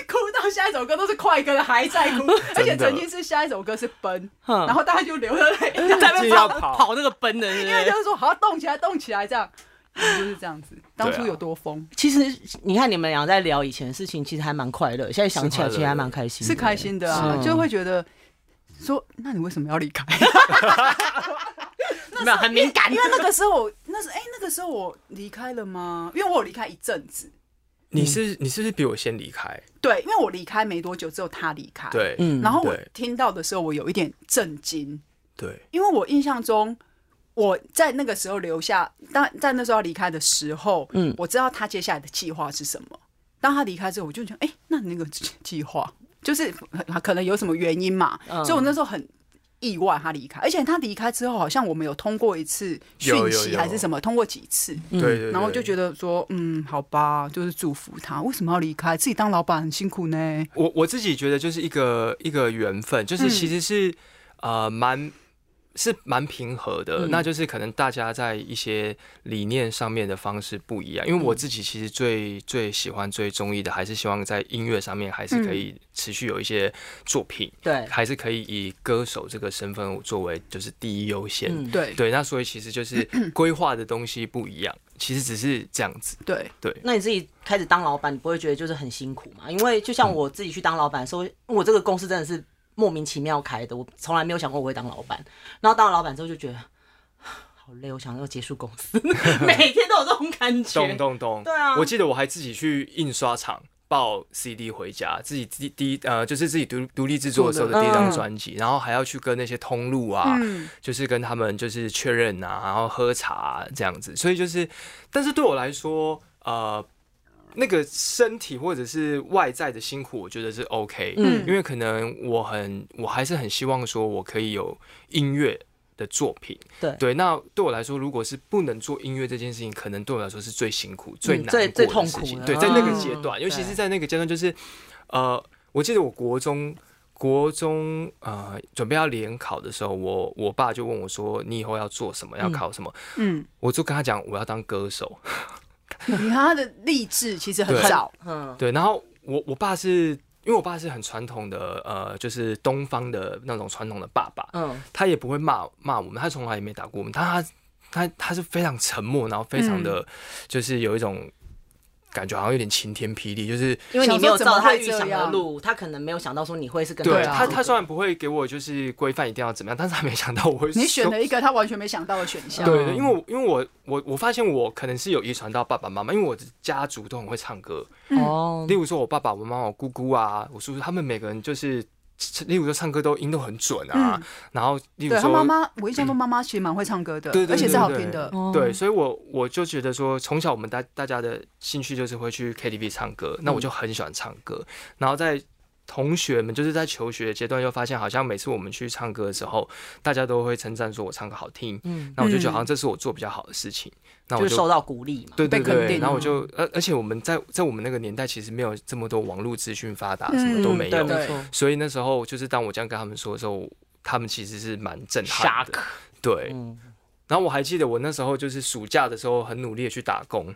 哭到下一首歌都是快歌了還在哭， 而且曾經是下一首歌是奔，哼然後大家就流着淚 在那邊跑跑，跑那個奔的，因為就是說好動起來，動起來這樣，就是這樣子。當初有多瘋？啊？其實你看你們倆在聊以前的事情，其實還蠻快樂。現在想起來，其實還蠻開心是，是開心的啊，就會覺得。說，那你為什麼要離開？ 那，時候 那很敏感，因為那個時候我，那時哎、欸，那個時候我離開了嗎？因為我有離開一陣子。你是、嗯、你是不是比我先離開？對，因為我離開沒多久，之後他離開。對，嗯。然後我聽到的時候，我有一點震驚。對，因為我印象中，我在那個時候留下，但在那時候要離開的時候，嗯，我知道他接下來的計劃是什麼。當他離開之後，我就覺得，哎、欸，那你那個計劃？就是可能有什麼原因嘛，嗯、所以我那時候很意外他離開，而且他離開之後，好像我們有通過一次訊息還是什麼，有有有通過幾次，有有有嗯、對，對，對，然後我就覺得說，嗯，好吧，就是祝福他，為什麼要離開？自己當老闆很辛苦呢。我我自己覺得就是一個一個緣分，就是其實是、嗯、呃蠻。是蠻平和的，那就是可能大家在一些理念上面的方式不一樣，因為我自己其實最最喜歡、最中意的，還是希望在音樂上面還是可以持續有一些作品，對、嗯，還是可以以歌手這個身份作為就是第一優先，嗯、對對。那所以其實就是規劃的東西不一樣，其實只是這樣子，對對。那你自己開始當老板，你不會覺得就是很辛苦嗎？因為就像我自己去當老板，所、嗯、以我這個公司真的是。莫名其妙開的，我從來沒有想過我會當老板。然後當了老板之後就覺得好累，我想要結束公司， 每天都有這種感覺。咚咚咚。對啊，我記得我還自己去印刷廠報 CD 回家，自己第第呃就是自己獨獨立製作的時候的第一張專輯，然後還要去跟那些通路啊，嗯、就是跟他們就是確認啊，然後喝茶、啊、這樣子。所以就是，但是對我來說，呃。那個身體或者是外在的辛苦，我覺得是 OK，嗯，因為可能我很我還是很希望說我可以有音樂的作品，對，對，那對我來說，如果是不能做音樂這件事情，可能對我來說是最辛苦，最難過，嗯最，最痛苦的，對，哦，在那個階段，尤其是在那個階段，就是呃，我記得我國中國中呃準備要聯考的時候，我我爸就問我說：“你以後要做什麼？要考什麼？”嗯，嗯我就跟他講：“我要當歌手。”你看他的勵志其實很少，嗯，對。然後我我爸是因為我爸是很傳統的，呃，就是東方的那種傳統的爸爸，嗯，他也不會罵罵我們，他從來也沒打過我們，但他他他，他是非常沉默，然後非常的，嗯，就是有一種。感覺好像有點晴天霹靂，就是因為你沒有照他預想的路想，他可能沒有想到說你會是跟他講。對他，他雖然不會給我就是規範一定要怎麼樣，但是他沒想到我會。你選了一個他完全沒想到的選項，啊嗯。對，因為因為我我我發現我可能是有遺傳到爸爸媽媽，因為我的家族都很會唱歌哦，嗯。例如說，我爸爸、我媽媽、我姑姑啊、我叔叔，他們每個人就是。例如說，唱歌都音都很準啊，嗯、然後，例如說對，他媽媽，嗯、我印象中媽媽其實蠻會唱歌的，對對對對對對，而且是好聽的、哦，對，所以我，我我就覺得說，從小我們大大家的興趣就是會去 KTV 唱歌，那我就很喜歡唱歌，嗯、然後在。同學們就是在求學階段又發現，好像每次我們去唱歌的時候，大家都會稱讚說我唱歌好聽，嗯，那我就覺得好像這是我做比較好的事情，嗯、那我就、就是、受到鼓勵，嘛。對對對肯定，然後我就，而而且我們在在我們那個年代其實沒有這麼多網絡資訊發達，什麼都沒有，沒、嗯、錯，所以那時候就是當我這樣跟他們說的時候，他們其實是蠻震撼的，Shock, 對、嗯，然後我還記得我那時候就是暑假的時候很努力的去打工，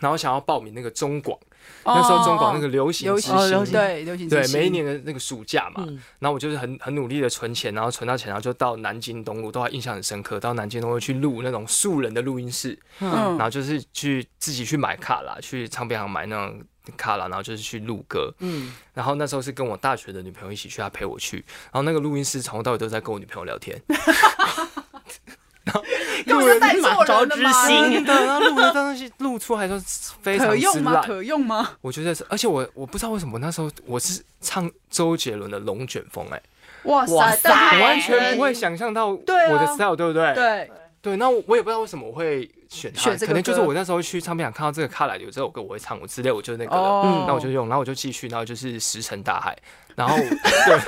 然後想要報名那個中廣。那時候中廣那個流行哦，哦，流行對，流行對，流行對每一年的那個暑假嘛，然後我就是很很努力的存錢，然後存到錢，然後就到南京東路，都還印象很深刻。到南京東路去錄那種素人的錄音室，嗯，然後就是去自己去買卡啦，去唱片行買那種卡啦，然後就是去錄歌，嗯，然後那時候是跟我大學的女朋友一起去，她陪我去，然後那個錄音室從頭到尾都在跟我女朋友聊天。 露出在嘛，着知心。對，然後露那東西錄出來，說非常直可用嗎？可用嗎？我覺得是，而且我我不知道為什麼，我那時候我是唱周杰倫的《龍捲風》哎，哇塞，我完全不會想象到我的 style，對不對？對對，那我我也不知道為什麼我會。選，他選可能就是我那時候去唱片行看到這個卡來《卡里流》這首歌，我會唱，我之類，我就那個，那、oh. 嗯、我就用，然後我就繼續，然後就是石沉大海，然後對，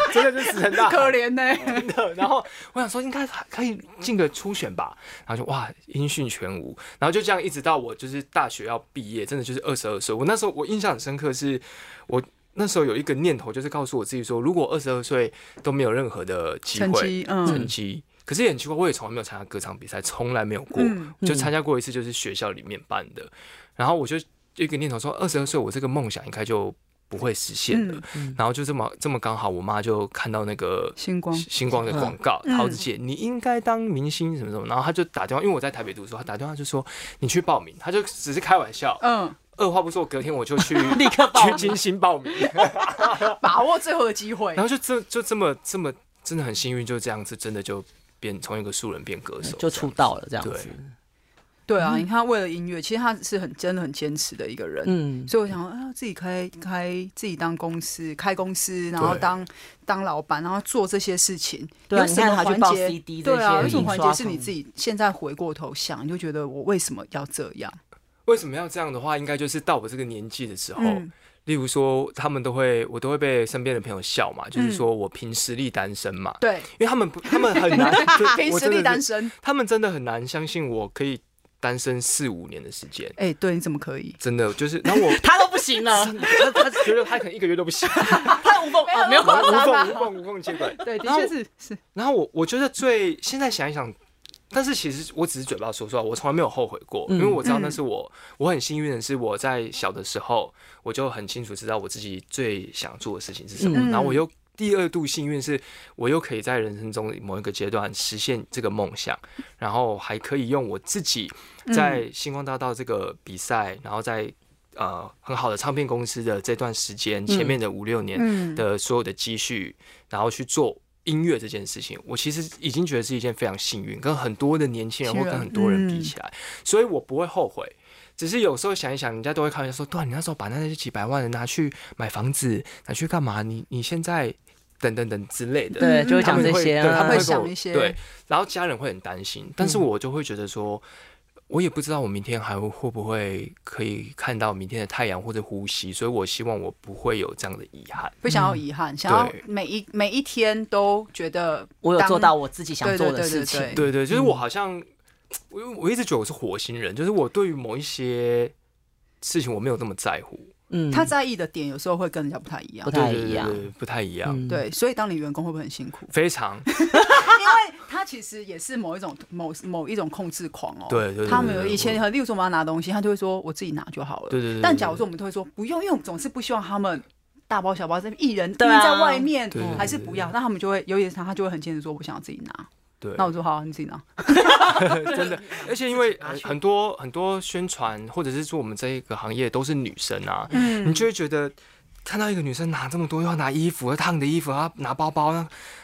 真的是石沉大海，可憐呢、欸，真的。然後我想說，應該還可以進個初選吧，然後就哇，音訊全無，然後就這樣一直到我就是大學要畢業，真的就是二十二歲。我那時候我印象很深刻是，是我那時候有一個念頭，就是告訴我自己說，如果二十二歲都沒有任何的機會，成績。嗯成可是也很奇怪，我也從來沒有參加歌唱比賽，從來沒有過，嗯嗯、就參加過一次，就是學校裡面辦的。然後我就一個念頭說，二十二歲，我這個夢想應該就不會實現了。嗯嗯、然後就這麼這麼剛好，我媽就看到那個星光星光的廣告，陶、嗯、子姐，嗯、你應該當明星什麼什麼。然後她就打電話，因為我在台北讀書，她打電話就說你去報名。她就只是開玩笑，嗯。二話不說，隔天我就去立刻去進行報名， 報名 把握最後的機會。然後就這就這麼這麼真的很幸運，就這樣子，真的就。變從一個素人變歌手，就出道了這樣子。對，對啊，你看他為了音樂，其實他是很真的很堅持的一個人。嗯，所以我想說，啊，自己開開自己當公司，開公司，然後當當老闆，然後做這些事情。對啊，有一種環節？對啊，有一種環節是你自己現在回過頭想，你就覺得我為什麼要這樣？為什麼要這樣的話？應該就是到我這個年紀的時候。嗯例如說，他們都會，我都會被身邊的朋友笑嘛，嗯、就是說我憑實力單身嘛，對，因為他們不，他們很難憑 實力單身，他們真的很難相信我可以單身四五年的時間。哎、欸，對，你怎麼可以？真的就是，然後我 他都不行了，他他覺得他， 他可能一個月都不行，他無縫、啊，沒有無縫無縫 無縫接軌，對，的確是是。然後，然後我我覺得最現在想一想。但是其實我只是嘴巴說說，我從來沒有後悔過，因為我知道那是我、嗯嗯、我很幸運的是我在小的時候，我就很清楚知道我自己最想做的事情是什麼，嗯、然後我又第二度幸運是我又可以在人生中某一個階段實現這個夢想，然後還可以用我自己在星光大道這個比賽、嗯，然後在呃很好的唱片公司的這段時間前面的五六年的所有的積蓄，嗯嗯、然後去做。音樂這件事情，我其實已經覺得是一件非常幸運，跟很多的年輕人會跟很多人比起來、啊嗯，所以我不會後悔。只是有時候想一想，人家都會看一下說：“對你那時候把那些幾百萬人拿去買房子，拿去幹嘛？你你現在等等等之類的。對啊”對，就講這些啊對他們會，會想一些。對，然後家人會很擔心，但是我就會覺得說。嗯我也不知道我明天還會不會可以看到明天的太陽或者呼吸，所以我希望我不會有這樣的遺憾，不想要遺憾、嗯，想要每一每一天都覺得我有做到我自己想做的事情。對對，就是我好像我、嗯、我一直覺得我是火星人，就是我對於某一些事情我沒有那麼在乎。嗯，他在意的點有時候會跟人家不太一樣，不太一樣，不太一樣、嗯。對，所以當你員工會不會很辛苦？非常 ，因為他其實也是某一種某某一種控制狂哦、喔。對，對，對他們有以前，例如說我們要拿東西，他就會說我自己拿就好了。對，對，對但假如說我們都會說不用，因為我們總是不希望他們大包小包在一人拎在外面，還是不要。那他們就會，有一點他，他就會很堅持說，我想要自己拿。對，那我就好安靜了， 真的。而且因為很多很多宣傳，或者是說我們這一個行業都是女生啊，嗯，你就會覺得看到一個女生拿這麼多，又要拿衣服、燙的衣服，要拿包包，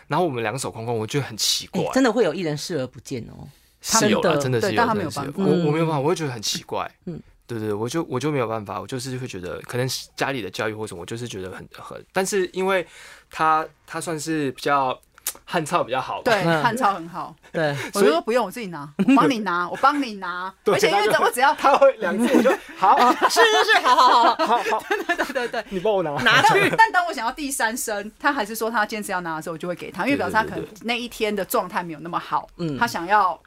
然後我們兩手空空，我覺得很奇怪。欸、真的會有藝人視而不見哦，是有的，真的、啊、真的是，真的是，但他沒有辦法，我我沒有辦法，我就覺得很奇怪，嗯，對對、對，我就我就沒有辦法，我就是會覺得，可能家裡的教育或者什麼我就是覺得很很，但是因為他他算是比較。漢草比較好，對，漢草很好， 對。我說不用，我自己拿，我幫你拿，我幫你拿 對，而且因為等我只要 他會兩次我就 好，是是是，好好好好 好，好 對對對對，對你幫我拿拿到。但當我想要第三聲，他還是說他堅持要拿的時候，我就會給他，因為表示他可能那一天的狀態沒有那麼好，嗯，他想要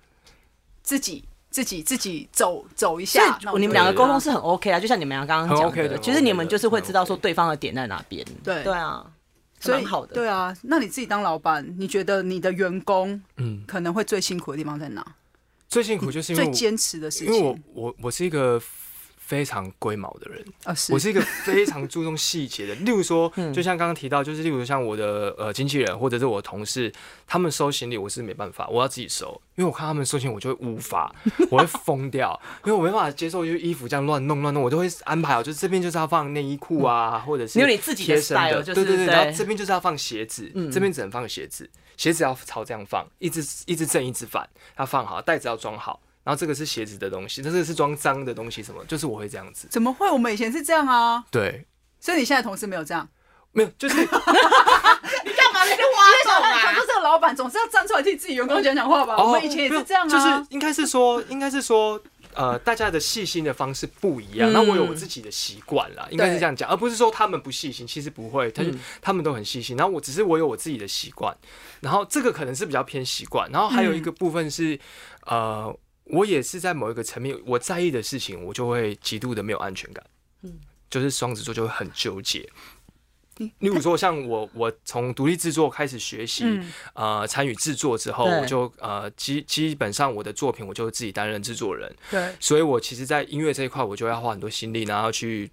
自己自己自己，自己走走一下。你們兩個溝通是很 OK 啦，就像你們倆剛剛講的，其實你們就是會知道說對方的點在哪邊，對、OK、對啊。好的，所以，對啊，那你自己當老闆，你覺得你的員工嗯，可能會最辛苦的地方在哪？嗯、最辛苦就是因為最堅持的事情。因為我我為我是一個。非常龜毛的人啊，我是一個非常注重細節的。例如說，就像剛剛提到，就是例如像我的呃經紀人或者是我的同事，他們收行李我是沒辦法，我要自己收，因為我看他們收行李，我就會無法，我會瘋掉，因為我沒辦法接受，就是衣服這樣亂弄亂弄，我都會安排好啊，就是這邊就是要放內衣褲啊，或者是你有你自己的貼身的，對對對，對，然後這邊就是要放鞋子，這邊只能放鞋子，鞋子要朝這樣放，一直一直正，一直反，要放好，袋子要裝好。然後這個是鞋子的東西，這個是裝髒的東西，什麼？就是我會這樣子。怎麼會？我們以前是這樣啊。對，所以你現在同事沒有這樣，沒有，就是 你幹嘛？你在挖什麼？做這個老闆總是要站出來替自己員工講講話吧？哦？我們以前也是這樣啊。就是應該是說，應該是說，呃，大家的細心的方式不一樣。那、嗯、我有我自己的習慣了，應該是這樣講，而不是說他們不細心。其實不會，他們他們都很細心。然後我只是我有我自己的習慣。然後這個可能是比較偏習慣。然後還有一個部分是，呃。我也是在某一個層面，我在意的事情，我就會極度的沒有安全感。嗯，就是雙子座就會很糾結。嗯，例如說像我，我從獨立製作開始學習，呃，參與製作之後，我就呃基基本上我的作品，我就自己擔任製作人。對，所以我其實，在音樂這一塊，我就要花很多心力，然後去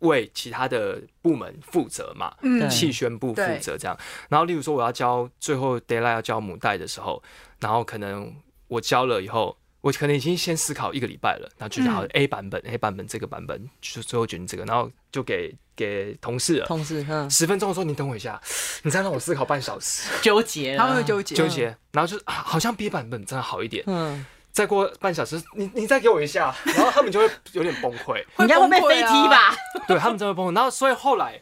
為其他的部門負責嘛，嗯，企宣部負責這樣。然後，例如說，我要交最後 deadline 要交母帶的時候，然後可能我交了以後。我可能已經先思考一個禮拜了，然後就然後 A 版本，嗯、A 版本這個版本，就最後決定這個，然後就給給同事了，同事十、嗯、分鐘說你等我一下，你再讓我思考半小時，糾結，他會糾結糾結，然後就好像 B 版本真的好一點，嗯，再過半小時你你再給我一下，然後他們就會有點崩潰，應 該會被飛踢吧？對，他們就會崩潰，然後所以後來，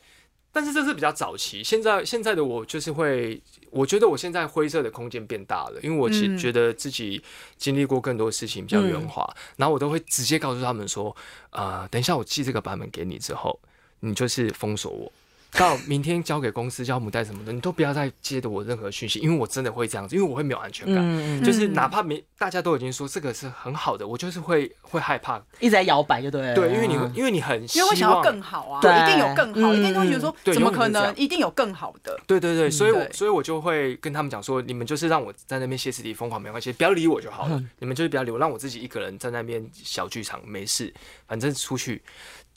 但是這是比較早期，現在現在的我就是會。我覺得我現在灰色的空間變大了，因為我其實覺得自己經歷過更多事情，比較圓滑，然後我都會直接告訴他們說，啊、呃，等一下我寄這個版本給你之後，你就是封鎖我。到明天交給公司交母帶什麼的，你都不要再接到我任何訊息，因為我真的會這樣子，因為我會沒有安全感。嗯、就是哪怕沒，大家都已經說這個是很好的，我就是會會害怕。一直在搖擺就對了。對，因為你因為你很。因為會想要更好啊，對對一定有更好，嗯、一定東西說、嗯、怎麼可能？一定有更好的。對對對，所以我所以我就會跟他們講說，你們就是讓我在那邊歇斯底里、瘋狂沒關係，不要理我就好了、嗯。你們就是不要理我，讓我自己一個人在那邊小劇場沒事，反正出去。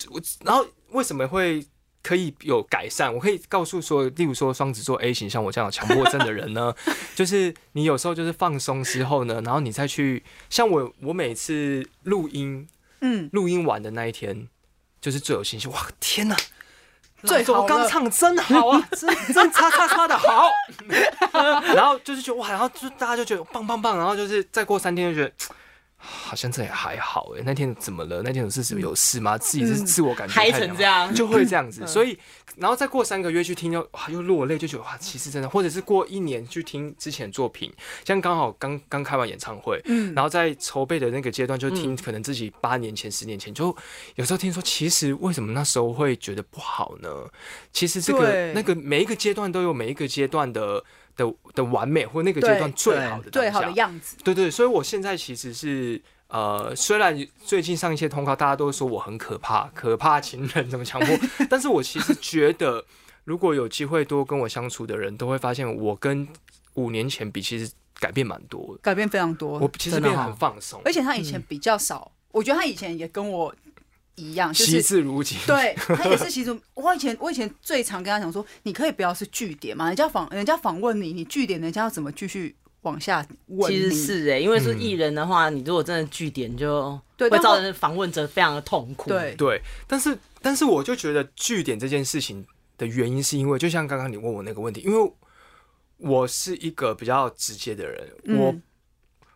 我然後為什麼會？可以有改善，我可以告訴說，例如說雙子座 A 型像我這樣有強迫症的人呢， 就是你有時候就是放鬆之後呢，然後你再去像我，我每次錄音，嗯，錄音完的那一天就是最有信心。哇，天吶、啊，最早我剛唱真好啊，啊好真真咔咔咔的好、 啊，然後就是覺得哇，然後就大家就覺得棒棒棒，然後就是再過三天就覺得。好像這也還好哎、欸，那天怎麼了？那天有事是不是有事嗎？自己是自我感覺太好、嗯，就會這樣子、嗯。所以，然後再過三個月去聽，又啊又落淚，就覺得哇，其實真的，或者是過一年去聽之前作品，像剛好剛剛開完演唱會，嗯，然後在籌備的那個階段就聽，可能自己八年前、十、嗯、年前，就有時候聽說，其實為什麼那時候會覺得不好呢？其實這個那個每一個階段都有每一個階段的。的的完美，或那個階段最好的最好的樣子，對對，所以我現在其實是呃，雖然最近上一些通告，大家都說我很可怕，可怕情人怎麼強迫， 但是我其實覺得，如果有機會多跟我相處的人， 都會發現我跟五年前比，其實改變蠻多，改變非常多，我其實變得很放鬆、啊，而且他以前比較少，嗯、我覺得他以前也跟我。一樣，惜、就、字、是、如金。對他也是，其實我以前我以前最常跟他講說，你可以不要是句點嘛，人家訪人家訪問你，你句點人家要怎麼繼續往下問？其實是哎、欸，因為是藝人的話、嗯，你如果真的句點就對會造成訪問者非常的痛苦。對對，對，但是但是我就覺得句點這件事情的原因是因為，就像剛剛你問我那個問題，因為我是一個比較直接的人，嗯、我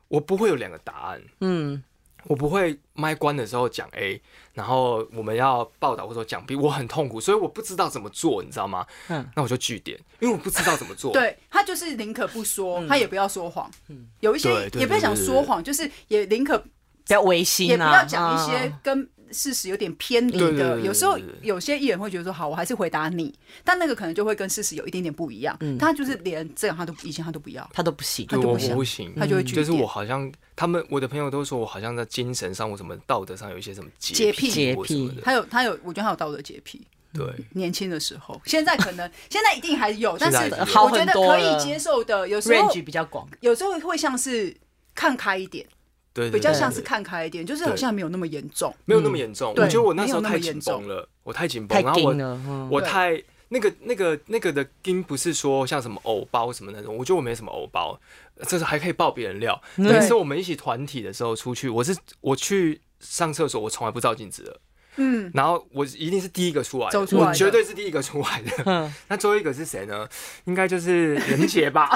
我不會有兩個答案。嗯。我不會賣關的時候講 A，然後我們要報道或者說講 B，我很痛苦，所以我不知道怎麼做，你知道嗎？嗯，那我就句點，因為我不知道怎麼做。 對，他就是寧可不說，他也不要說謊。嗯，有一些也不要想說謊、嗯，就是也寧可在微信、啊，也不要講一些跟。事實有點偏離的。對對對對對對，有時候有些藝人會覺得說：“好，我還是回答你。”但那個可能就會跟事實有一點點不一樣。嗯、他就是連這樣他都以前他都不要，他都不行。他就不我不行，他就會、嗯、就是我好像他們我的朋友都說我好像在精神上我什麼道德上有一些什麼潔癖潔癖，他有他有，我覺得他有道德潔癖。對，年輕的時候，現在可能 現在一定還有，但是我覺得可以接受的，有時候格局比較廣。有時候會像是看開一點。對對對對，比較像是看開一點，對對對對，就是好像沒有那麼嚴重，沒有那麼嚴重、嗯。我覺得我那時候太緊繃了重，我太緊繃，然後我太、嗯、我太那個那個那個的緊，不是說像什麼偶包什麼那種。我覺得我沒什麼偶包，就是還可以爆別人料。每次我們一起團體的時候出去，我是我去上廁所，我從來不照鏡子的。嗯，然後我一定是第一個出來的，走出來的，我絕對是第一個出來的。嗯，那最後一個是誰呢？應該就是人杰吧。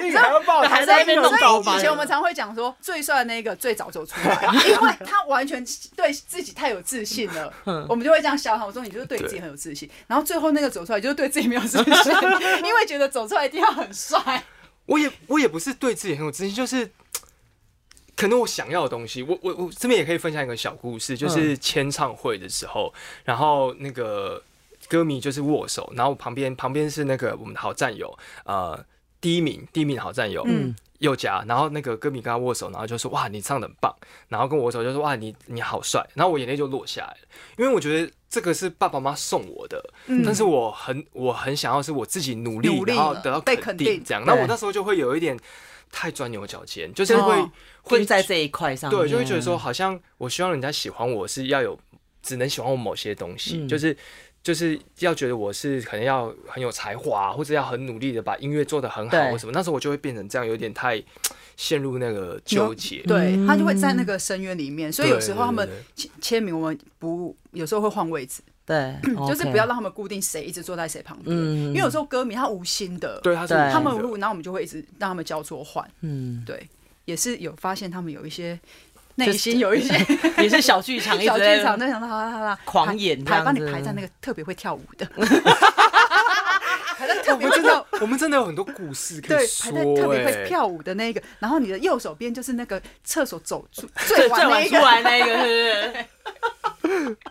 你知道嗎？還在那邊弄到嗎？所以以前我們常常會講說，最帥的那個最早走出來， 因為他完全對自己太有自信了。 我們就會這樣笑他，我說你就是對自己很有自信。然後最後那個走出來就是對自己沒有自信， 因為覺得走出來一定要很帥。我也我也不是對自己很有自信，就是。可能我想要的東西，我我我這邊也可以分享一個小故事，就是簽唱會的時候、嗯，然後那個歌迷就是握手，然後旁邊旁邊是那個我們的好戰友，呃，第一名第一名的好戰友，嗯，宥嘉。然後那個歌迷跟他握手，然後就說哇你唱得很棒，然後跟我握手就說哇你你好帥，然後我眼淚就落下來了，因為我覺得這個是爸爸媽媽送我的、嗯，但是我很我很想要是我自己努力，努力然後得到肯定，肯定這樣，那我那時候就會有一點。太鑽牛角尖，就是會、oh, 會在這一塊上，對，就會覺得說好像我希望人家喜歡我是要有，只能喜歡我某些東西，嗯、就是就是要覺得我是可能要很有才華，或者要很努力的把音樂做得很好什麼，那時候我就會變成這樣，有點太陷入那個糾結，嗯、對，他就會在那個深淵裡面，所以有時候他們簽名我們不,對對對對不，有時候會換位置。對， 就是不要讓他們固定誰一直坐在誰旁邊。嗯，因為有時候歌迷他無心的，對，他是他們無路，然後我們就會一直讓他們交錯換。嗯，對，也是有發現他們有一些內心有一些， 也是小劇場一，小劇場在講他他他他狂演，排幫你排在那個特別會跳舞的， 排在特別，我們真的我們真的有很多故事可以對，排在特別會跳舞的那個，然後你的右手邊就是那個廁所走出最 最晚出來那個，是不是？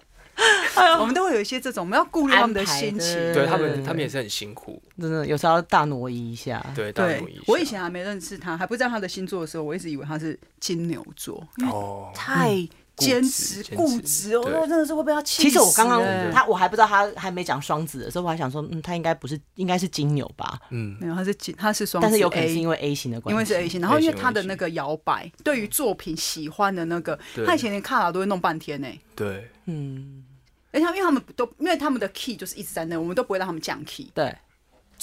哎、我們都會有一些這種，我們要顧慮他們的心情。對他們，他們也是很辛苦，真的有時候要大挪移一下。對，大挪移一下。我以前還沒認識他，還不知道他的星座的時候，我一直以為他是金牛座，哦，太、嗯、堅持固執，我說、喔、真的是會被他、欸。其實我剛剛他，我還不知道他還沒講雙子的時候，所以我還想說，嗯，他應該不是，應該是金牛吧？嗯，沒有，他是金，他是雙子。但是有可能是因為 A 型的關係，因為是 A 型，然後因為他的那個搖擺，對於作品喜歡的那個，他以前連看了都會弄半天呢、欸。對，嗯。欸、因為他們都因為他們的 key 就是一直在那裡，我們都不會讓他們降 key 對。對，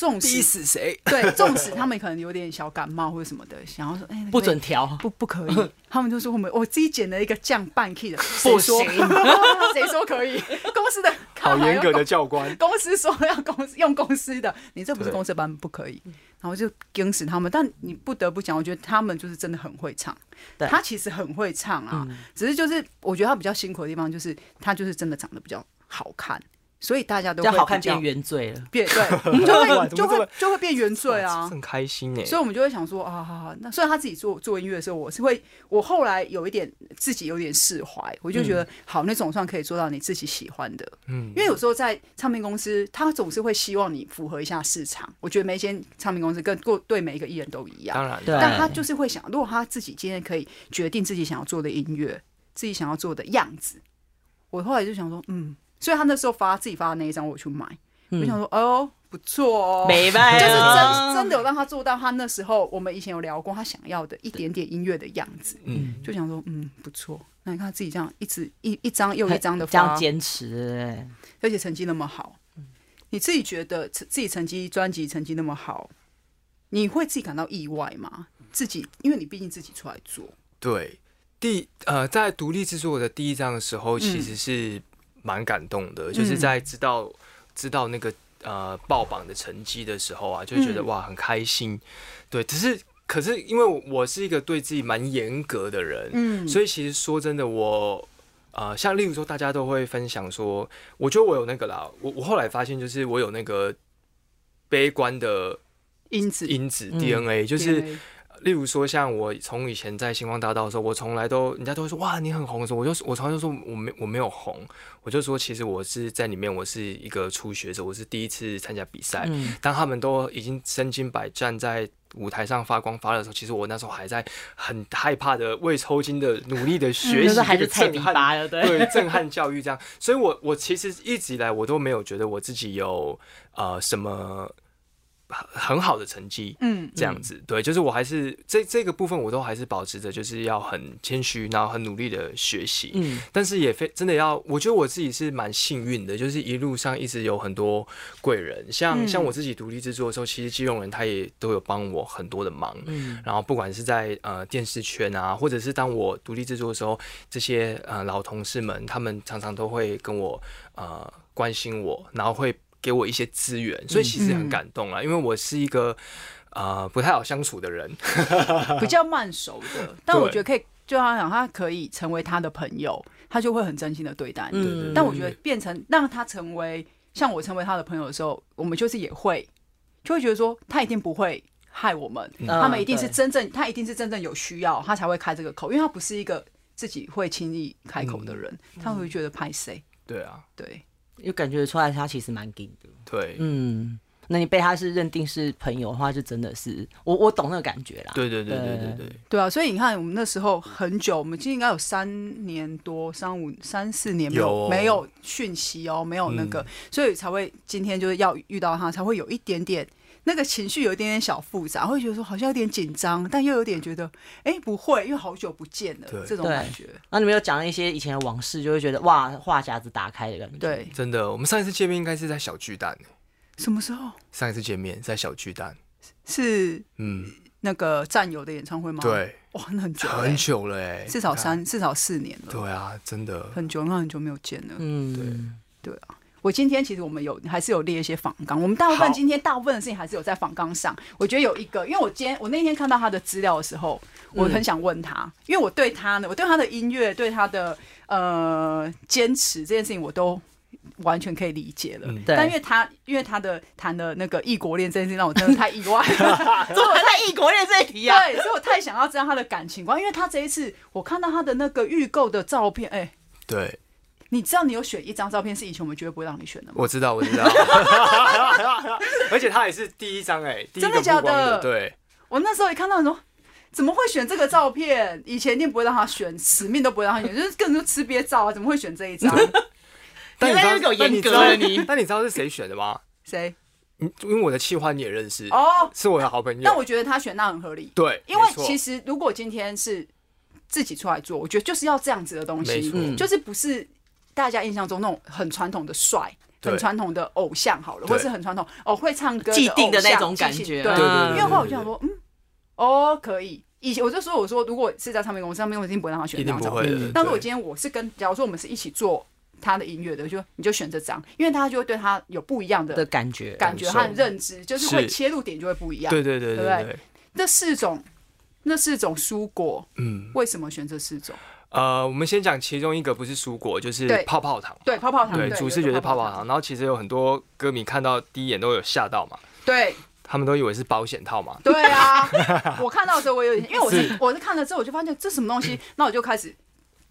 縱使，逼死誰？對，縱使他們可能有點小感冒或者什麼的，然 後說，哎、欸，不准調，不不可以。他們就說我們我自己撿了一個降半 key 的，不行，誰說， 誰說可以？公司的好嚴格的教官，公司說要公，用公司的，你這不是公司班不可以。然後就盯死他們，但你不得不講，我覺得他們就是真的很會唱。對，他其實很會唱啊，嗯，只是就是我覺得他比較辛苦的地方，就是他就是真的長得比較好看。所以大家都會好看變原罪了，變對，我們就會就會就會變原罪啊，很開心哎。所以我們就會想說啊，那雖然他自己做做音樂的時候，我是會，我後來有一點自己有點釋懷，我就覺得好，那總算可以做到你自己喜歡的。嗯，因為有時候在唱片公司，他總是會希望你符合一下市場。我覺得每一間唱片公司跟過對每一個藝人都一樣，當然，但他就是會想，如果他自己今天可以決定自己想要做的音樂，自己想要做的樣子，我後來就想說，嗯。所以他那時候發自己發的那一張，我去買。我想說，嗯、哦，不錯哦，就是真真的有讓他做到他那時候我們以前有聊過他想要的一點點音樂的樣子。就想說，嗯，不錯。那你看他自己這樣一直一張一張又一張的發，堅持，而且成績那麼好，嗯。你自己覺得自己成績專輯成績那麼好，你會自己感到意外嗎？自己因為你畢竟自己出來做。對，第呃，在獨立製作的第一張的時候，其實是、嗯。蠻感動的，就是在知道知道那個呃爆榜的成績的時候啊，就覺得哇，很開心。對，只是可是因為我是一個對自己蠻嚴格的人，嗯，所以其實說真的我，我呃像例如說大家都會分享說，我覺得我有那個啦，我我後來發現就是我有那個悲觀的因子因子、因子 DNA，嗯，就是。例如說，像我從以前在星光大道的時候，我從來都人家都會說，哇，你很紅的時候，我就我常常說我沒我沒有紅，我就說其實我是在裡面，我是一個初學者，我是第一次參加比賽。當他們都已經身經百戰，在舞台上發光發熱的時候，其實我那時候還在很害怕的、胃抽筋的努力的學習，還是太拔了，對，震撼教育這樣。所以，我我其實一直以來我都沒有覺得我自己有呃什麼很好的成績，嗯，這樣子，對，就是我還是這這個部分，我都還是保持着，就是要很謙虛，然後很努力的學習，嗯，但是也非真的要，我覺得我自己是蠻幸運的，就是一路上一直有很多貴人，像像我自己獨立製作的時候，其實經紀人他也都有幫我很多的忙，嗯，然後不管是在呃電視圈啊，或者是當我獨立製作的時候，這些呃老同事們，他們常常都會跟我呃關心我，然後會。給我一些資源，所以其實很感動啦、嗯，因為我是一個呃不太好相處的人， 比較慢熟的，但我覺得可以，就他講他可以成為他的朋友，他就會很真心的對待你、嗯。但我覺得變成讓他成為像我成為他的朋友的時候，我們就是也會就會覺得說他一定不會害我們，嗯、他們一定是真正，他一定是真正有需要，他才會開這個口，因為他不是一個自己會輕易開口的人，嗯、他會覺得拍謝、嗯？對啊，對。又感覺出來他其實蠻 gay 的，對，嗯，那你被他是認定是朋友的話，就真的是我我懂那個感覺啦，對對對對對對，對啊，所以你看我們那時候很久，我們今天應該有三年多、三五、三四年沒有沒有訊息哦、喔，沒有那個，嗯、所以才會今天就是要遇到他，才會有一點點。那個情緒有一點點小複雜，會覺得說好像有點緊張，但又有點覺得，哎、欸，不會，因為好久不見了，這種感覺。那你們又講了一些以前的往事，就會覺得哇，話匣子打開的感覺。對，真的，我們上一次見面應該是在小巨蛋，什麼時候？上一次見面在小巨蛋，是，是，嗯，那個戰友的演唱會嗎？對，哇，那很久耶，很久了，哎，至少三，至少四年了。對啊，真的，很久，那很久沒有見了。嗯，對，對啊。我今天其實我們有還是有列一些訪綱，我們大部分今天大部分的事情還是有在訪綱上。我覺得有一個，因為我今天我那天看到他的資料的時候，我很想問他、嗯，因為我對他呢，我對他的音樂，對他的呃堅持這件事情，我都完全可以理解了。嗯、但因為他，因為他的談的那個異國戀這件事情，讓我真的太意外， 所以我太異國戀這一題啊，對，所以我太想要知道他的感情觀，因為他這一次我看到他的那個預購的照片，哎、欸，對。你知道你有選一張照片是以前我們絕對不會讓你選的嗎？我知道，我知道 而且他也是第一張哎，真的假的？對，我那時候一看到，你說怎麼會選這個照片？以前一定不會讓他選，死命都不會讓他選，就是更多吃憋照啊，怎麼會選這一張？但你知道，嚴格你， 但你知道是誰選的嗎？誰？嗯，因為我的企劃你也認識哦，是我的好朋友，oh,。但我覺得他選那很合理，對，因為其實如果今天是自己出來做，我覺得就是要這樣子的東西，就是不是。大家印象中那種很傳統的帥，很傳統的偶像好了，或是很傳統哦，會唱歌既定的那種感覺，對，對，對，對，對。因為後來，我就想說，嗯，對對對對哦，可以。以前我就說，我說如果是在唱片公司上面，我一定不會讓他選這張照片。但是我今天我是跟，假如說我們是一起做他的音樂的，就你就選這張，因為他就會對他有不一樣的感覺，感覺他的認知，對對對對對對，就是會切入點就會不一樣。對對對對，對對。對？這四種，那四種蔬果，嗯，為什麼選這四種？呃，我們先講其中一個，不是蔬果，就是泡泡糖。對，對泡泡糖。對，對主視覺是泡泡糖。然後其實有很多歌迷看到的第一眼都有嚇到嘛。對，他們都以為是保險套嘛。對啊， 我看到的時候我有點，因為我是，是我是看了之後我就發現這是什麼東西，那 我就開始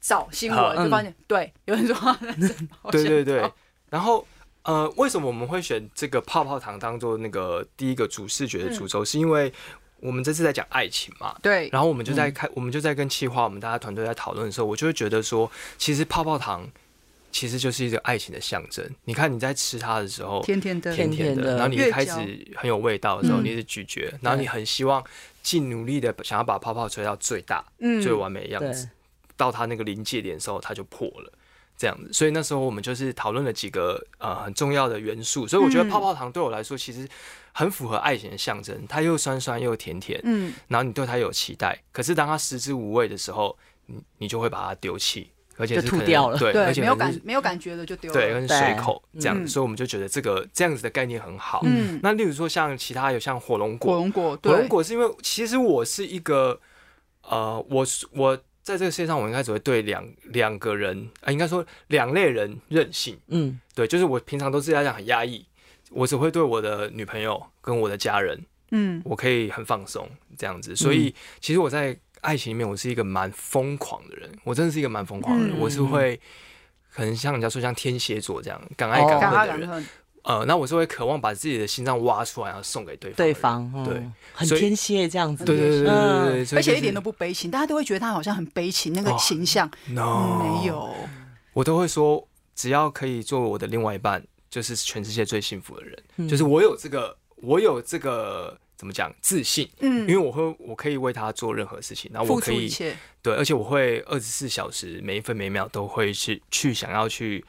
找新聞，就發現、嗯、對有人說那是保險套。對對對。然後呃，為什麼我們會選這個泡泡糖當做那個第一個主視覺的主軸、嗯？是因為。我們這次在講愛情嘛，對，然後我們就在開，嗯、我們就在跟企劃，我們大家團隊在討論的時候，我就會覺得說，其實泡泡糖，其實就是一個愛情的象徵。你看你在吃它的時候，甜甜的，甜甜的、的，然後你一開始很有味道的時候，你一直咀嚼，然後你很希望盡努力的想要把泡泡吹到最大，嗯、最完美的樣子，到它那個臨界點的時候，它就破了。這樣子，所以那時候我們就是討論了幾個呃很重要的元素，所以我覺得泡泡糖對我來說其實很符合愛情的象徵，它又酸酸又甜甜，嗯，然後你對它有期待，可是當它食之無味的時候，你你就會把它丟棄，而且是吐掉了，對，而且沒有感沒有感覺的就丟了。對，跟隨口、嗯、這樣，所以我們就覺得這個這樣子的概念很好。嗯，那例如說像其他有像火龍果，火龍果，火龍果是因為其實我是一個呃，我我。在這個世界上，我應該只會對兩兩個人啊，欸、應該說兩類人任性。嗯，對，就是我平常都是這樣很壓抑，我只會對我的女朋友跟我的家人，嗯，我可以很放鬆這樣子。所以，其實我在愛情裡面，我是一個蠻瘋狂的人。我真的是一個蠻瘋狂的人，嗯，我是會可能像人家說，像天蠍座這樣敢愛敢恨的人。哦。呃，那我是會渴望把自己的心臟挖出來，然後送給對方。對，方、嗯、對很天蠍這樣子。對對對、對、呃就是、而且一點都不悲情，大家都會覺得他好像很悲情、哦、那個形象。no，、嗯、沒有我都會說，只要可以做我的另外一半，就是全世界最幸福的人。嗯、就是我有這個，我有這個，怎麼講自信？嗯，因為我會，我可以為他做任何事情，然後我可以，對，而且我會二十四小時，每一分每一秒都會去去想要去。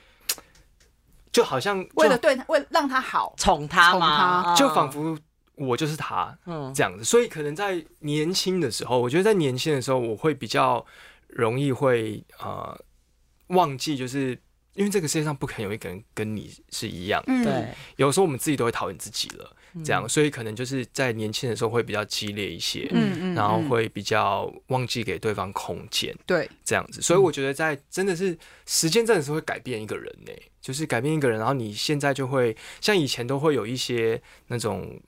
就好像就為了對他為了讓他好寵他，寵他，啊，就仿佛我就是他這樣子，嗯。所以可能在年輕的時候，我覺得在年輕的時候，我會比較容易會呃忘記，就是因為這個世界上不可能有一個人跟你是一樣。嗯，對。有時候我們自己都會討厭自己了，嗯。這樣，所以可能就是在年輕的時候會比較激烈一些，嗯，然後會比較忘記給對方空間，對、嗯嗯，這樣子。所以我覺得在真的是時間真的是會改變一個人呢、欸，就是改變一個人，然後你現在就會像以前都會有一些那種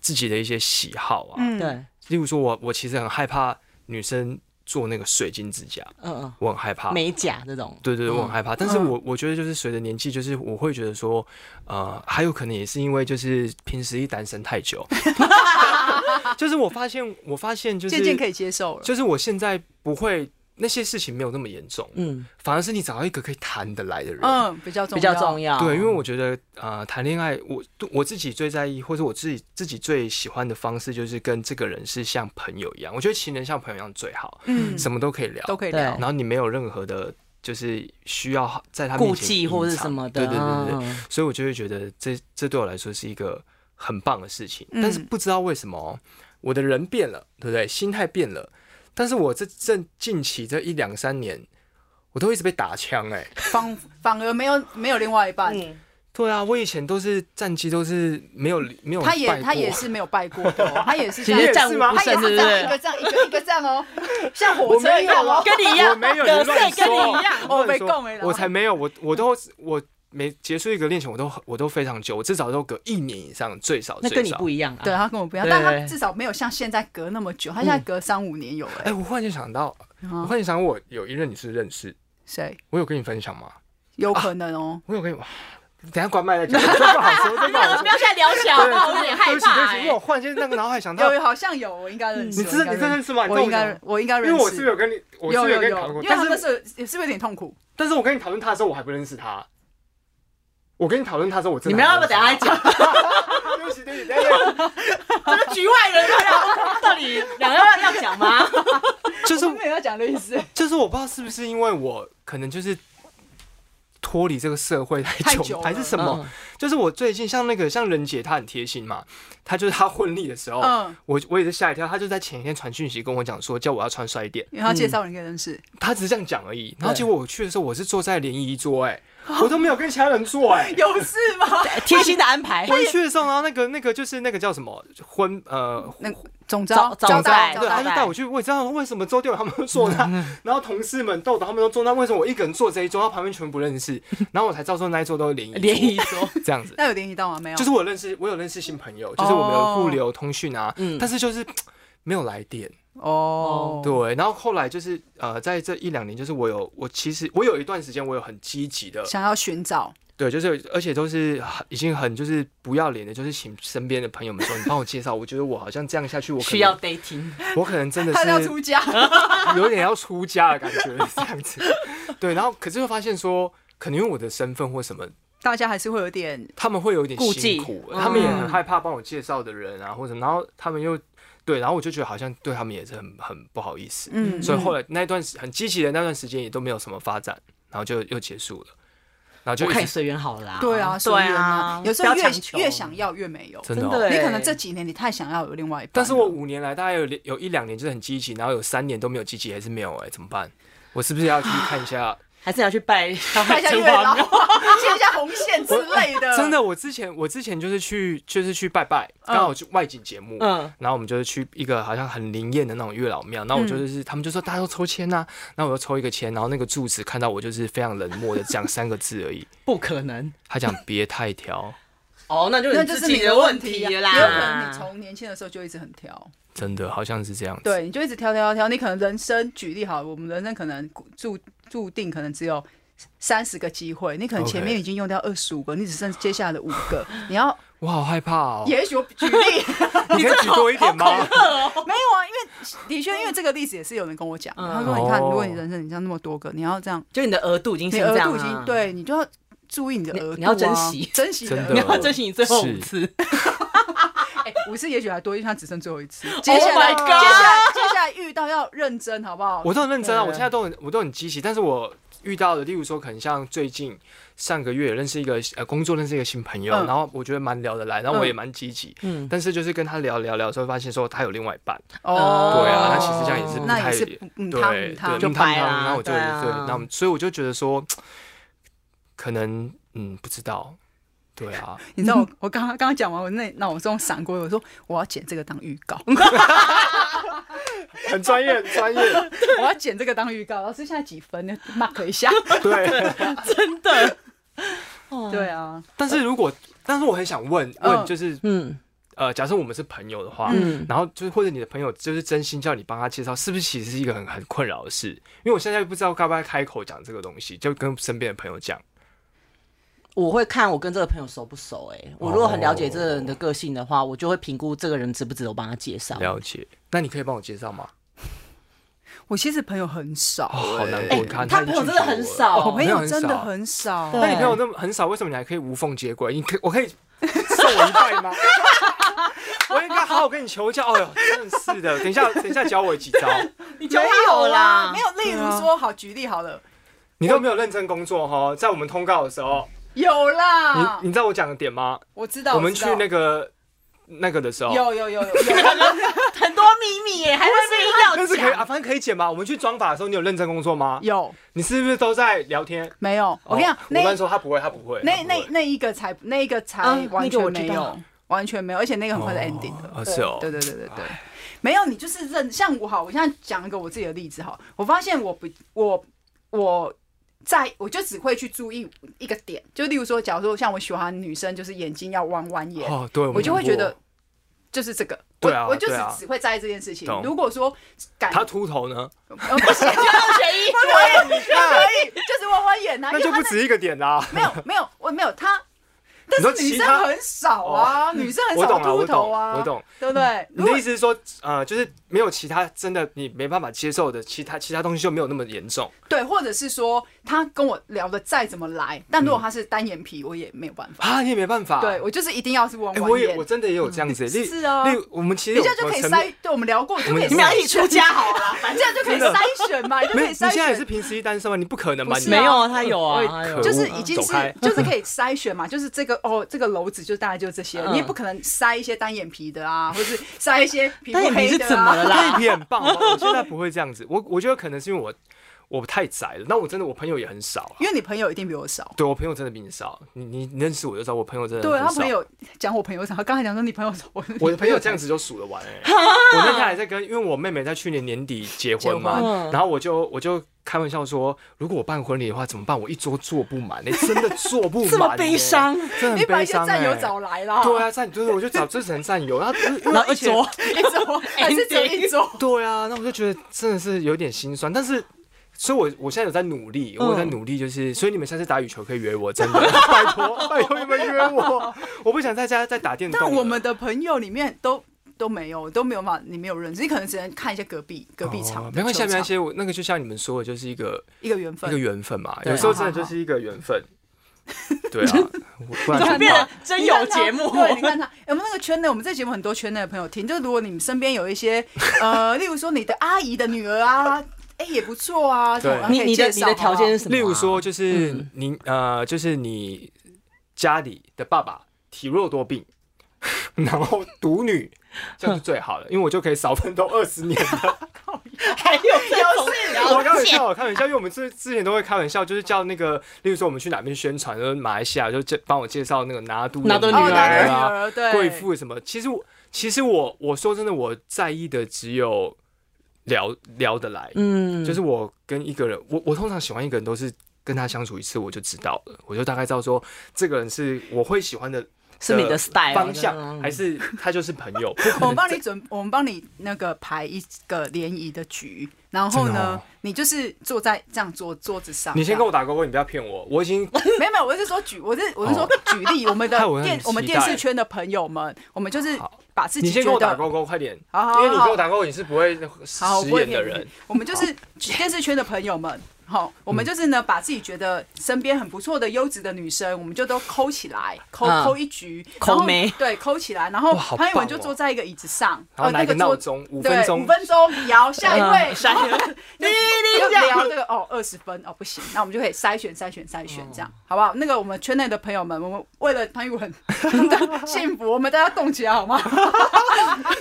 自己的一些喜好啊，對、嗯，例如說我我其實很害怕女生。做那個水晶指甲，嗯、呃、嗯，我很害怕美甲這種，對對對、嗯、我很害怕。但是我我覺得就是隨着年紀，就是我會覺得說、嗯，呃，還有可能也是因為就是平時一單身太久， 就是我發現，我發現就是漸漸可以接受了，就是我現在不會。那些事情沒有那麼嚴重，嗯，反而是你找到一個可以談得來的人，嗯，比較重要，比較重要，對，因為我覺得，啊、呃，談戀愛，我我自己最在意，或者我自己自己最喜歡的方式，就是跟這個人是像朋友一樣，我覺得情人像朋友一樣最好，嗯，什麼都可以聊，都可以聊，然後你沒有任何的，就是需要在他面前顧忌或是什麼的，對對對對，嗯、所以我就會覺得這這對我來說是一個很棒的事情，嗯、但是不知道為什麼我的人變了，對不對？心態變了。但是我這正，近期這一兩三年，我都一直被打槍哎、欸，反反而沒有沒有另外一半、 嗯，對啊，我以前都是戰績都是沒有沒有，他也他也是沒有敗過的、哦，他也是像 其實也是嗎，是是他也是這樣一個這樣一個一個這樣哦， 像火車一樣、哦，跟你一樣，沒有亂說跟你一樣，我沒共 我，我才沒有，我我都我。每結束一個戀情，我都我都非常久，我至少都隔一年以上，最少最少。那跟你不一樣啊？對，他跟我不一樣、啊，但他至少沒有像現在隔那麼久，他、嗯、現在隔三五年有哎、欸。哎，我忽然間想到，我忽然間想，我有一任你是，是認識誰？我有跟你分享嗎？有可能哦。啊、我有跟你，哇等下關麥是說不好不要現在聊起來，我 有點害怕因為我忽然間那個腦海想到有有，好像有，我應該認識。你真你真認識嗎？我應該我應該認識，因為我是，不是有跟你，我，我是，不是有跟你討論過，但是因為他是不是有點痛苦？但是，但是我跟你討論他的時候，我還不認識他。我跟你討論他的時候，我真的你們要不要等他講、 啊啊啊？對不起，對不起，對不起，怎 麼局外人了呀？ 到底兩個要要講嗎？ 就是我沒有要講的意思，就是我不知道是不是因為我可能就是脫離這個社會太久，太久還是什麼、嗯？就是我最近像那個像仁傑，他很貼心嘛，他就是他婚禮的時候，我、嗯、我也是嚇一跳，他就在前一天傳訊息跟我講說，叫我要穿帥一點。因為他介紹你認識，他、嗯、只是這樣講而已。然後結果我去的時候，我是坐在聯誼桌哎、欸。我都沒有跟其他人坐哎、欸， 有事嗎？貼心的安排。回去的時候，然後那個那個就是那個叫什麼婚呃，那個、總招招待，對，他就帶我去。我也知道為什麼周六他們都坐那、嗯，然後同事們豆豆他們都坐那，為什麼我一個人坐這一桌？他旁邊全不認識。然後我才照說那一桌都是聯誼聯誼桌, 桌這樣子。那有聯誼到嗎？沒有。就是我認識，我有認識新朋友，就是我們有互留有通訊啊、哦，但是就是。嗯沒有來電哦，對，然後後來就是呃，在這一兩年，就是我有我其實我有一段時間我有很積極的想要尋找，對，就是而且都是已經很就是不要臉的，就是請身邊的朋友們說你幫我介紹，我覺得我好像這樣下去我需要 dating，我可能真的是要出家，有點要出家的感覺這樣子，對，然後可是會發現說可能因為我的身份或什麼，大家還是會有點他們會有一點顧忌，他們也很害怕幫我介紹的人啊或者然後他們又。對，然後我就覺得好像對他們也是很很不好意思，嗯，所以後來那段時很積極的那段時間也都沒有什麼發展，然後就又結束了，然後就我看隨緣好了啦。對啊，對啊，有時候越越想要越沒有，真的。喔，你可能這幾年你太想要有另外一半。欸，但是我五年來大概有有一兩年就是很積極，然後有三年都沒有積極，還是沒有哎、欸，怎麼辦？我是不是要去看一下、啊？還是，還是要去拜拜一下月老，牽 一下紅線之類的。真的，我之前我之前就是去就是去拜拜，剛好去外景節目，嗯、然後我們就是去一個好像很靈驗的那種月老廟，然後我就是、嗯、他們就說大家都抽籤吶、啊，那我就抽一個籤，然後那個柱子看到我就是非常冷漠的講三個字而已，不可能。他講別太挑。哦、oh，那就自、啊、那就是你的問題啦、啊。也有可能你從年輕的時候就一直很挑，真的好像是這樣子。對，你就一直挑挑挑，你可能人生舉例好，我們人生可能注注定可能只有三十個機會，你可能前面已經用掉二十五個，okay. 你只剩接下來的五個，你要我好害怕、哦。也許我舉例， 你，這好 你可以舉多一點嗎？哦、 沒有啊，因為的確，因為這個例子也是有人跟我講、嗯，他說你看，哦、如果你人生你像那麼多個，你要這樣，就你的額度已經是這樣、啊，額度已經對你就要。注意你的額，你要珍惜，珍惜、啊珍惜，你要珍惜你最後五次， 欸、五次也許還多，因為他只剩最後一次。接下來，Oh my God，接下來，接下來遇到要認真，好不好？我都很認真啊，對對對，我現在都很，我都很積極。但是我遇到的，例如說，可能像最近上個月認識一個呃，工作認識一個新朋友，嗯、然後我覺得蠻聊得來，然後我也蠻積極。嗯。但是就是跟他聊聊聊之後，發現說他有另外一半。哦。對啊，那其實這樣也是不太是不對。對、嗯嗯、對，就拍啊、啊嗯。對對、啊，那我所以我就覺得說。可能嗯，不知道，對啊，你知道我、嗯、我剛剛剛講完我那那我閃過，我說我要剪這個當預告， 很專業專業，我要剪這個當預告，老後剩在幾分呢 mark 一下，對， 真的， 對啊，但是如果但是我很想問問就是呃嗯呃假設我們是朋友的話，嗯，然後就是或者你的朋友就是真心叫你幫他介紹，是不是其實是一個很很困擾的事？因為我現在不知道該不該開口講這個東西，就跟身邊的朋友講。我會看我跟這個朋友熟不熟、欸，哎、wow,，我如果很了解這個人的個性的話，我就會評估這個人值不值得我幫他介紹。了解，那你可以幫我介紹嗎？ 我其實朋友很少、欸哦，好難過，他、欸朋,哦、朋友真的很少，哦、我朋友真的很少。那你朋友那麼很少，為什麼你還可以無縫接軌？你可我可以受我一拜嗎？ 我應該好好跟你求教。哎呦，真是的，等一下，等一下教我幾招。你就有啦，沒有。例如說、啊，好舉例好了，你都沒有認真工作哈，在我們通告的時候。有啦，你你知道我講的點嗎？我知道，我們去那個那個的時候，有有有有，有有很多祕密、欸， 還到但是可以，反正可以剪吧。我們去妝髮的時候，你有認真工作嗎？有，你是不是都在聊天？沒有，哦、我跟你講，我那時說他不會，他不會，那會那那一個才，那一個才完全沒有，啊那個、完全沒有，而且那個很快的 ending 的、哦對是，對對對對對，沒有，你就是認，像我哈，我現在講一個我自己的例子哈，我發現我不我我。我我在我就只會去注意一個點，就例如說，假如說像我喜歡女生，就是眼睛要彎彎眼。哦、oh，對，我就會覺得就是這個。對啊，我，我就是只會在意這件事情。啊啊、如果說他禿頭呢？不學醫，不禿頭，不禿頭就是彎彎眼、啊、 那，那就不止一個點啦、啊。 沒有，沒有，我沒有他。但是女生很少啊，女生很少禿頭啊、嗯我啊我，我懂，對不對、嗯？你的意思是說，呃，就是沒有其他真的你沒辦法接受的其他其他東西，就沒有那麼嚴重。對，或者是說。他跟我聊的再怎麼來，但如果他是單眼皮，我也沒有辦法。啊，你也沒辦法。對，我就是一定要是彎彎眼我，欸，我也我真的也有這樣子，欸嗯。是哦，啊，那我們其實。一下就可以篩，對我們聊過你就可以。你們倆一出家好吧？這樣就可以篩選嘛， 你就可以篩選。你現在也是平時一單身嗎？你不可能吧，啊？沒有，有啊，嗯，他有啊。就是已經是，啊就是，經是就是可以篩選嘛。 就是這個哦，這個樓子就大概就這些，嗯。你也不可能篩一些單眼皮的啊，或者是篩一些皮膚黑的，啊。單眼皮是怎麼啦？單眼皮很棒，棒，我現在不會這樣子。我我覺得可能是因為我。我太宅了，那我真的我朋友也很少、啊，因為你朋友一定比我少。對我朋友真的比你少，你你認識我就知道我朋友真的。對他朋友講我朋友少，他剛才講說你朋、你朋友少。我的朋友這樣子就數得完哎、欸，我那天還在跟，因為我妹妹在去年年底結婚嘛，婚然後我就我就開玩笑說，如果我辦婚禮的話怎麼辦？我一桌坐不滿，你、欸、真的坐不滿、欸， 這麼悲傷，真的很悲傷、欸，戰友早來了，對啊，戰就是我就找這些戰友， 然後就是然後一桌一桌還是只一桌，一桌 Ending 對啊，那我就覺得真的是有點心酸，但是。所以我，我我現在有在努力，我有在努力，就是、嗯、所以你們下次打羽球可以約我，真的， 拜托拜托你們約我，我不想在家再打電動。但我們的朋友裡面都都沒有，都沒有辦法，你沒有認，你可能只能看一下隔壁隔壁場、哦。沒關係沒關係，我那個就像你們說的，就是一個一個緣分，一個緣分嘛。有時候真的就是一個緣分， 對啊。怎然變得真有節目？你看他，看他 看他欸、我們那個圈內，我們這節目很多圈內的朋友聽，就是如果你們身邊有一些呃，例如說你的阿姨的女兒啊。哎、欸，也不錯啊，啊，你你的你的條件是什麼？啊，例如說，就是您呃，就是你家裡的爸爸體弱多病，然後獨女， 這樣就是最好的，因為我就可以少奮鬥二十年了。 還有， 還有 我開玩笑我開玩笑，因為我們之之前都會開玩笑，就是叫那個，例如說我們去哪邊宣傳，就是馬來西亞，就介幫我介紹那個拿督拿督女兒啊，貴婦、啊、什麼？其實我其實我我說真的，我在意的只有，聊聊得來，嗯，就是我跟一個人，我我通常喜歡一個人，都是跟他相處一次我就知道了，我就大概知道說這個人是我會喜歡的，是，是你的 style、呃、方向，還是他就是朋友？ 我幫你準， 我們幫你那個排一個聯誼的局，然後呢、哦，你就是坐在這樣桌桌子上，你先跟我打勾勾，你不要騙我，我已經 沒有沒有，我是說舉，我是我是說舉例，哦、我們的電 我，我們電視圈的朋友們，我們就是。把自己你先給我打勾勾，快點，好好好好，因為你給我打勾，你是不會食言的人。我，我們就是電視圈的朋友們。 好，我們就是呢，把自己覺得身邊很不錯的優質的女生，我們就都摳起來，摳、嗯、摳一局，摳沒對，摳起來，然後、喔、潘裕文就坐在一個椅子上，然後，一個然後那個鬧鐘五分鐘，五分鐘搖下一位，對、嗯、這樣搖那個哦，二、喔、十分哦、喔，不行，那我們就可以篩選篩選篩選，這樣、嗯、好不好？那個我們圈內的朋友們，我們為了潘裕文幸福， 我們大家動起來好嗎？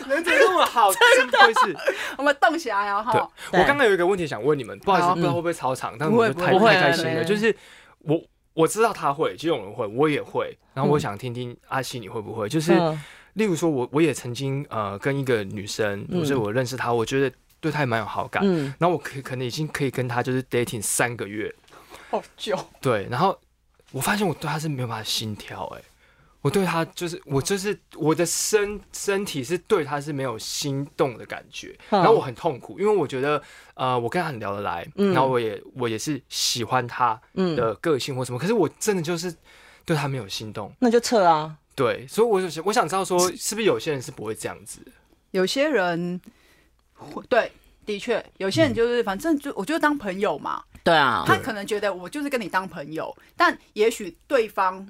人怎麼那麼好，真不會是，我們動起來呀！哈，我剛剛有一個問題想問你們，不好意思，不知道會不會吵、嗯。但我然就太不會不會太開心了，就是我我知道他會，這種人會，我也會。然後我想聽聽、嗯、阿西你會不會？就是例如說我我也曾經呃跟一個女生，嗯、我就是我認識她，我覺得對她也蠻有好感。嗯、然後我可以可能已經可以跟她就是 dating 三個月，好久，對，然後我發現我對她是沒有辦法心跳哎、欸。我對他就是我就是我的身身體是對他是沒有心動的感覺，然後我很痛苦，因為我覺得呃我跟他很聊得來，然後我也我也是喜歡他的個性或什麼，可是我真的就是對他沒有心動，那就撤啊。對，所以我就我想知道說是不是有些人是不會這樣子、嗯，嗯啊、是是有些人，會有些人對的確有些人就是反正就我就當朋友嘛，對、嗯、啊，他可能覺得我就是跟你當朋友，但也許對方。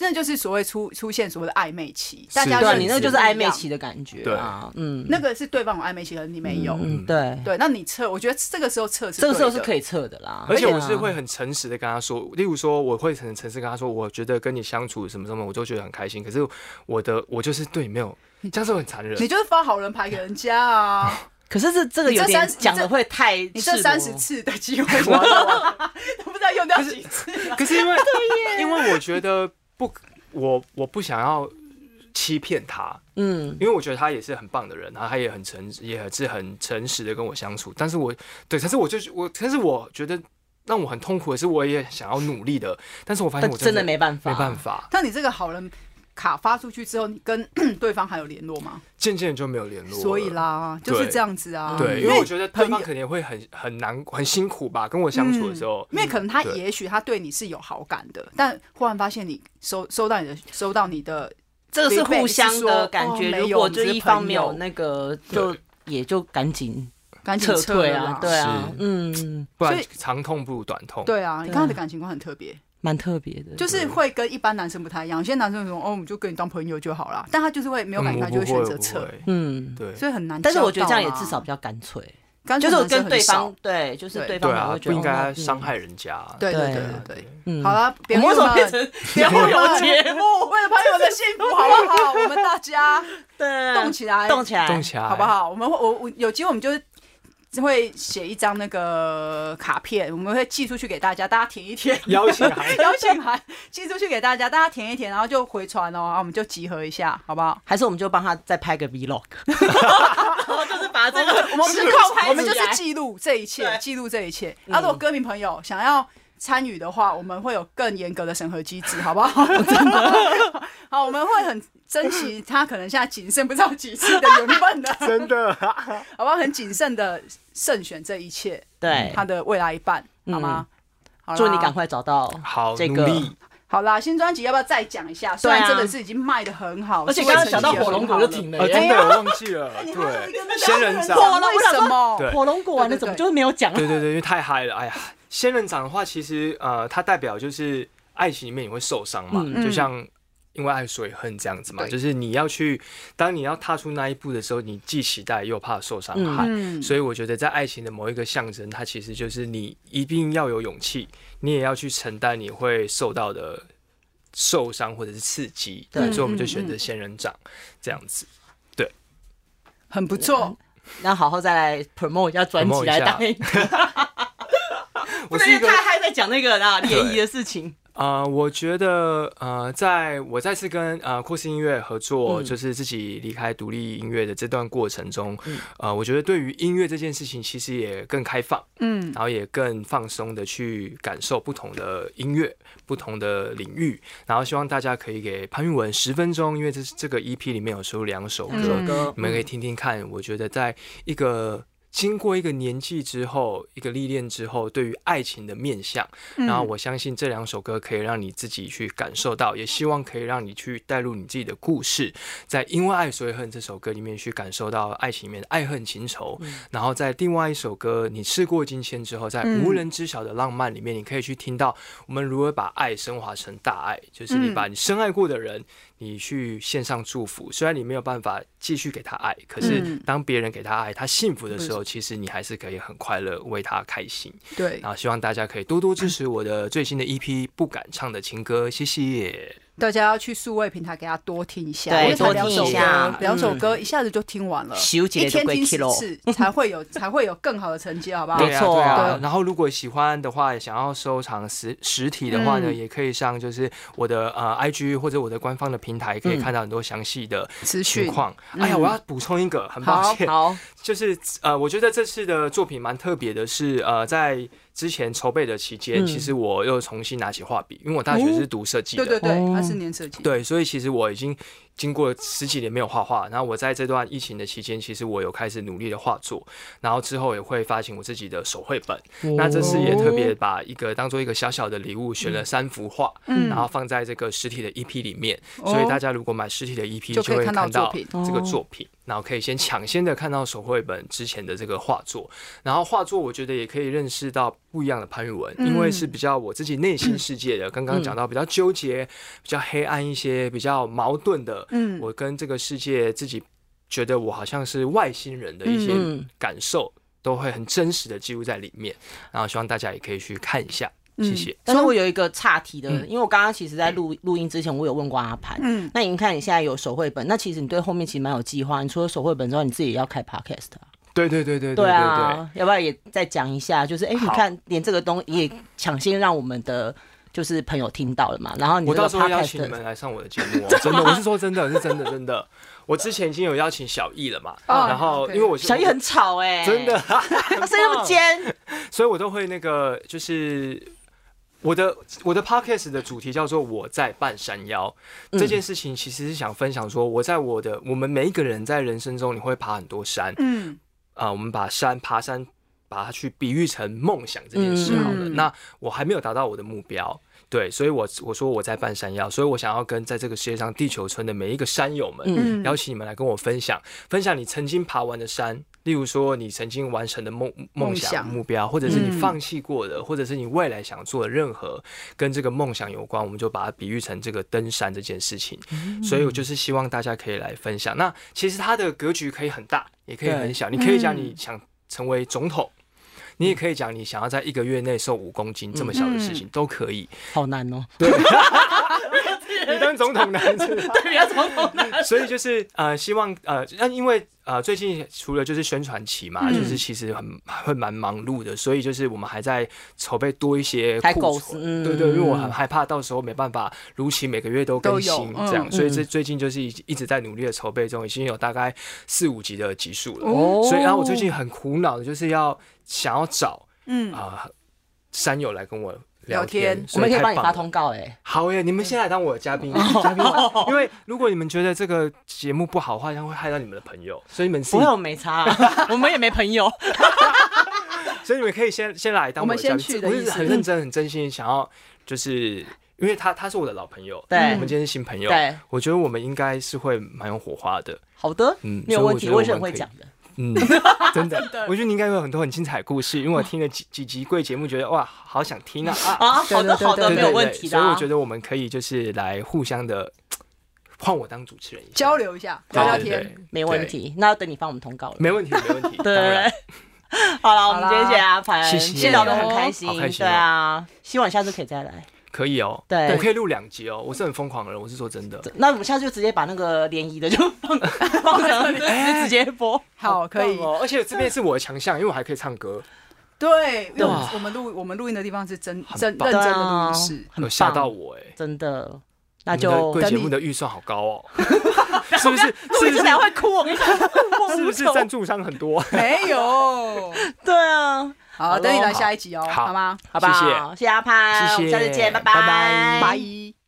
那就是所謂出出現所謂的曖昧期，大家說你那個就是曖昧期的感覺、啊，對啊，嗯，那個是對方有曖昧期，而你沒有，嗯、對對，那你測，我覺得這個時候測，這個時候是可以測的啦。而且我是會很誠實的跟他說，例如說我會很誠實跟他說，我覺得跟你相處什麼什麼，我就覺得很開心。可是我的我就是對你沒有，這樣是，不是很殘忍，你就是發好人牌給人家啊。 可是這這個有點講的會太，你這三十次的機會玩玩，我 不知道用掉幾次可。可是因為 因為我覺得。不，我我不想要欺騙他，嗯，因為我覺得他也是很棒的人，然後他也很誠，也是很誠實的跟我相處。但是我，對，但是我就我，但是我覺得讓我很痛苦的是，我也想要努力的，但是我發現我真的，真的沒辦法，沒辦法。但你這個好人。卡發出去之後，你跟 對方還有聯絡嗎？漸漸就沒有聯絡。所以啦，就是這樣子啊。對，嗯、對因，為因為我覺得對方肯定會很很難、很辛苦吧，跟我相處的時候，嗯、因為可能他也許他對你是有好感的，嗯、但忽然發現你收收到你的，收到你的，這個是互相的感覺。是哦、沒有，如果就一方沒有那個就，就也就趕緊趕緊撤退啊，對啊，嗯，不然長痛不如短痛。對啊，你剛剛的感情觀很特別。蠻特別的，就是會跟一般男生不太一樣。有些男生說：“哦，我們就跟你當朋友就好了。”但他就是會沒有感情，就會選擇撤嗯。嗯，對，所以很難。但是我覺得這樣也至少比較乾脆，就是跟對方對，就是對方不會覺得，對啊，不應該傷害人家、哦嗯對對對對嗯。對對對對，嗯，好了，別無了，別無了節目， 為了朋友的幸福，好不好？我們大家，對，動起來，動起來，動起來，好不好？我們我我有機會，我們就就會寫一張那個卡片，我們會寄出去給大家，大家填一填邀請函。邀 請函寄出去給大家，大家填一填，然後就回傳哦、喔，我們就集合一下，好不好？還是我們就幫他再拍個 Vlog， 就是把這個我們不是靠拍，我們就是記錄這一切，記錄這一切。他我歌迷朋友想要。參與的話，我們會有更嚴格的審核機制，好不好？ 好，我們會很珍惜他，可能現在謹慎不知道幾次的緣分的， 真的、啊，好不好？很謹慎的慎選這一切，對、嗯、他的未來一半，好嗎？嗯、好祝你趕快找到、這個，好，這個，好啦，新專輯要不要再講一下？雖然真的是已經賣的很好，啊、很好了，而且剛剛想到火龍果就停了、哎啊，真的我忘記了，對，仙、哎、人、人、人掌、火龍果什、啊、麼，火龍果那怎麼就是沒有講？對對對，因為太嗨了，哎呀。仙人掌的話，其實呃，它代表就是愛情裡面你會受傷嘛，就像因為愛所以恨這樣子嘛，就是你要去，當你要踏出那一步的時候，你既期待又怕受傷害，所以我覺得在愛情的某一個象徵，它其實就是你一定要有勇氣，你也要去承擔你會受到的受傷或者是刺激，所以我們就選擇仙人掌這樣子，對、嗯，嗯嗯嗯，很不錯，那好好再來 promote 一下專輯，來打一個。最近太嗨，在講那個啊聯誼的事情啊、呃，我覺得呃，在我再次跟呃酷斯音樂合作、嗯，就是自己離開獨立音樂的這段過程中，嗯、呃，我覺得對於音樂這件事情，其實也更開放，嗯，然後也更放鬆的去感受不同的音樂、不同的領域，然後希望大家可以給潘裕文十分鐘，因為這是這個 EP 裡面有出兩首歌、嗯，你們可以聽聽看。我覺得在一個。經過一個年紀之後，一個歷練之後，對於愛情的面向、嗯，然後我相信這兩首歌可以讓你自己去感受到，也希望可以讓你去帶入你自己的故事，在《因為愛所以恨》這首歌裡面去感受到愛情裡面的愛恨情仇，嗯、然後在另外一首歌《你事過境遷》之後，在《無人知曉的浪漫》裡面、嗯，你可以去聽到我們如何把愛升華成大愛，就是你把你深愛過的人。嗯你去獻上祝福，雖然你沒有辦法繼續給他愛，可是當別人給他愛，他幸福的時候，其實你還是可以很快樂，為他開心。對，啊，希望大家可以多多支持我的最新的 EP《不敢唱的情歌》，謝謝。大家要去數位平台，給他多聽一下，多聽一下兩首、嗯、首歌，一下子就聽完了，嗯、一天聽十次、嗯、才會有才會有更好的成績，好不好？對啊，啊啊、然後如果喜歡的話，想要收藏實實體的話呢、嗯，也可以上就是我的呃 IG 或者我的官方的平台，可以看到很多詳細的情況、嗯嗯。哎呀，我要補充一個，很抱歉，好好就是呃，我覺得這次的作品蠻特別的是，是呃在。之前籌備的期間，其實我又重新拿起畫筆，因為我大學是讀設計的、哦，對對對，他是念設計，對，所以其實我已經經過十幾年沒有畫畫，然後我在這段疫情的期間，其實我有開始努力的畫作，然後之後也會發行我自己的手繪本、哦。那這次也特別把一個當做一個小小的禮物，選了三幅畫、嗯，然後放在這個實體的 EP 裡面、哦，所以大家如果買實體的 EP，就會看到這個作品。哦然後可以先搶先的看到手繪本之前的這個畫作，然後畫作我覺得也可以認識到不一樣的潘裕文、嗯，因為是比較我自己內心世界的。嗯、剛剛講到比較糾結、嗯、比較黑暗一些、比較矛盾的，嗯，我跟這個世界自己覺得我好像是外星人的一些感受，嗯、都會很真實的記錄在裡面。然後希望大家也可以去看一下。嗯、謝謝。但是我有一個岔題的、嗯，因為我剛剛其實在錄錄、嗯、音之前，我有問過阿潘。嗯，那你看你現在有手繪本，那其實你對後面其實蠻有計劃。你除了手繪本之外，你自己也要開 podcast、啊、對對對對對、啊。對，對，對，對要不要也再講一下？就是，哎、欸，你看，連這個東西也搶先讓我們的就是朋友聽到了嘛。然後你到時候邀請你們來上我的節目、喔， 真的，我是說真的，是真的，真的。 我之前已經有邀請小易了嘛？啊、oh, okay.，然後因為我小易很吵哎、欸，真的， 他聲音又尖， 所以我都會那個就是。我的我的 podcast 的主題叫做我在半山腰，嗯，這件事情，其實是想分享說，我在我的，我們每一個人在人生中你會爬很多山，嗯，啊，我們把山爬山把它去比喻成夢想這件事好了，嗯。那我還沒有達到我的目標，對，所以我我說我在半山腰，所以我想要跟在這個世界上地球村的每一個山友們，嗯，邀請你們來跟我分享分享你曾經爬完的山。例如說，你曾經完成的夢夢想，想、目標，或者是你放棄過的、嗯，或者是你未來想做的任何跟這個夢想有關，我們就把它比喻成這個登山這件事情。嗯、所以我就是希望大家可以來分享、嗯。那其實它的格局可以很大，也可以很小。你可以講你想成為總統，嗯、你也可以講你想要在一個月內瘦五公斤、嗯、這麼小的事情、嗯、都可以。好難哦。對。 你當總統難，對呀，總統難。所以就是呃，希望呃，那因為呃，最近除了就是宣傳期嘛,就是其實很會蠻忙碌的,所以就是我們還在籌備多一些庫存。對對，因為我很害怕到時候沒辦法如期每個月都更新這樣，所以這最近就是一一直在努力的籌備中，已經有大概四五集的集數了。哦。所以然後我最近很苦惱的就是要想要找嗯、呃、啊山友來跟我。聊天,聊天，我們可以幫你發通告哎，好哎，你們先來當我的嘉賓，嘉賓，因為如果你們覺得這個節目不好的話，這樣會害到你們的朋友，所以你們是朋友沒差， 我們也沒朋友， 所以你們可以先先來當我的嘉賓，我是很認真、嗯、很真心想要，就是因為他他是我的老朋友、嗯，我們今天是新朋友，對，我覺得我們應該是會蠻有火花的，好的，嗯，沒有問題，我以為什麼會講的？ 嗯，真的，我覺得你應該有很多很精彩故事，因為我聽了幾幾集貴節目，覺得哇，好想聽啊！ 啊，好的，好的對對對對對，沒有問題的、啊。所以我覺得我們可以就是來互相的換我當主持人一下，交流一下，聊聊天，對對對沒問題。那要等你發我們通告了，沒問題，沒問題。對 對當然， 好了，我們今天謝謝阿潘，謝謝聊得、嗯、很開心，開心，對啊，希望下次可以再來。可以哦，對，我可以錄兩集哦，我是很瘋狂的人，我是說真的。那我們下次就直接把那個漣漪的就放 放在裡 對對對，就直接播。好，可以。而且這邊是我的強項，因為我還可以唱歌。對，我們錄我們錄音的地方是真真，真的真的錄音室，有嚇到我哎，欸。真的，那就。貴節目的預算好高哦， 錄 是不是主持人會哭？我跟你講，是不是贊 助商很多？ 沒有， 對啊。好，好，等你來下一集哦，好，好嗎？好吧，謝謝阿潘，我們下次見，拜拜，拜拜。Bye bye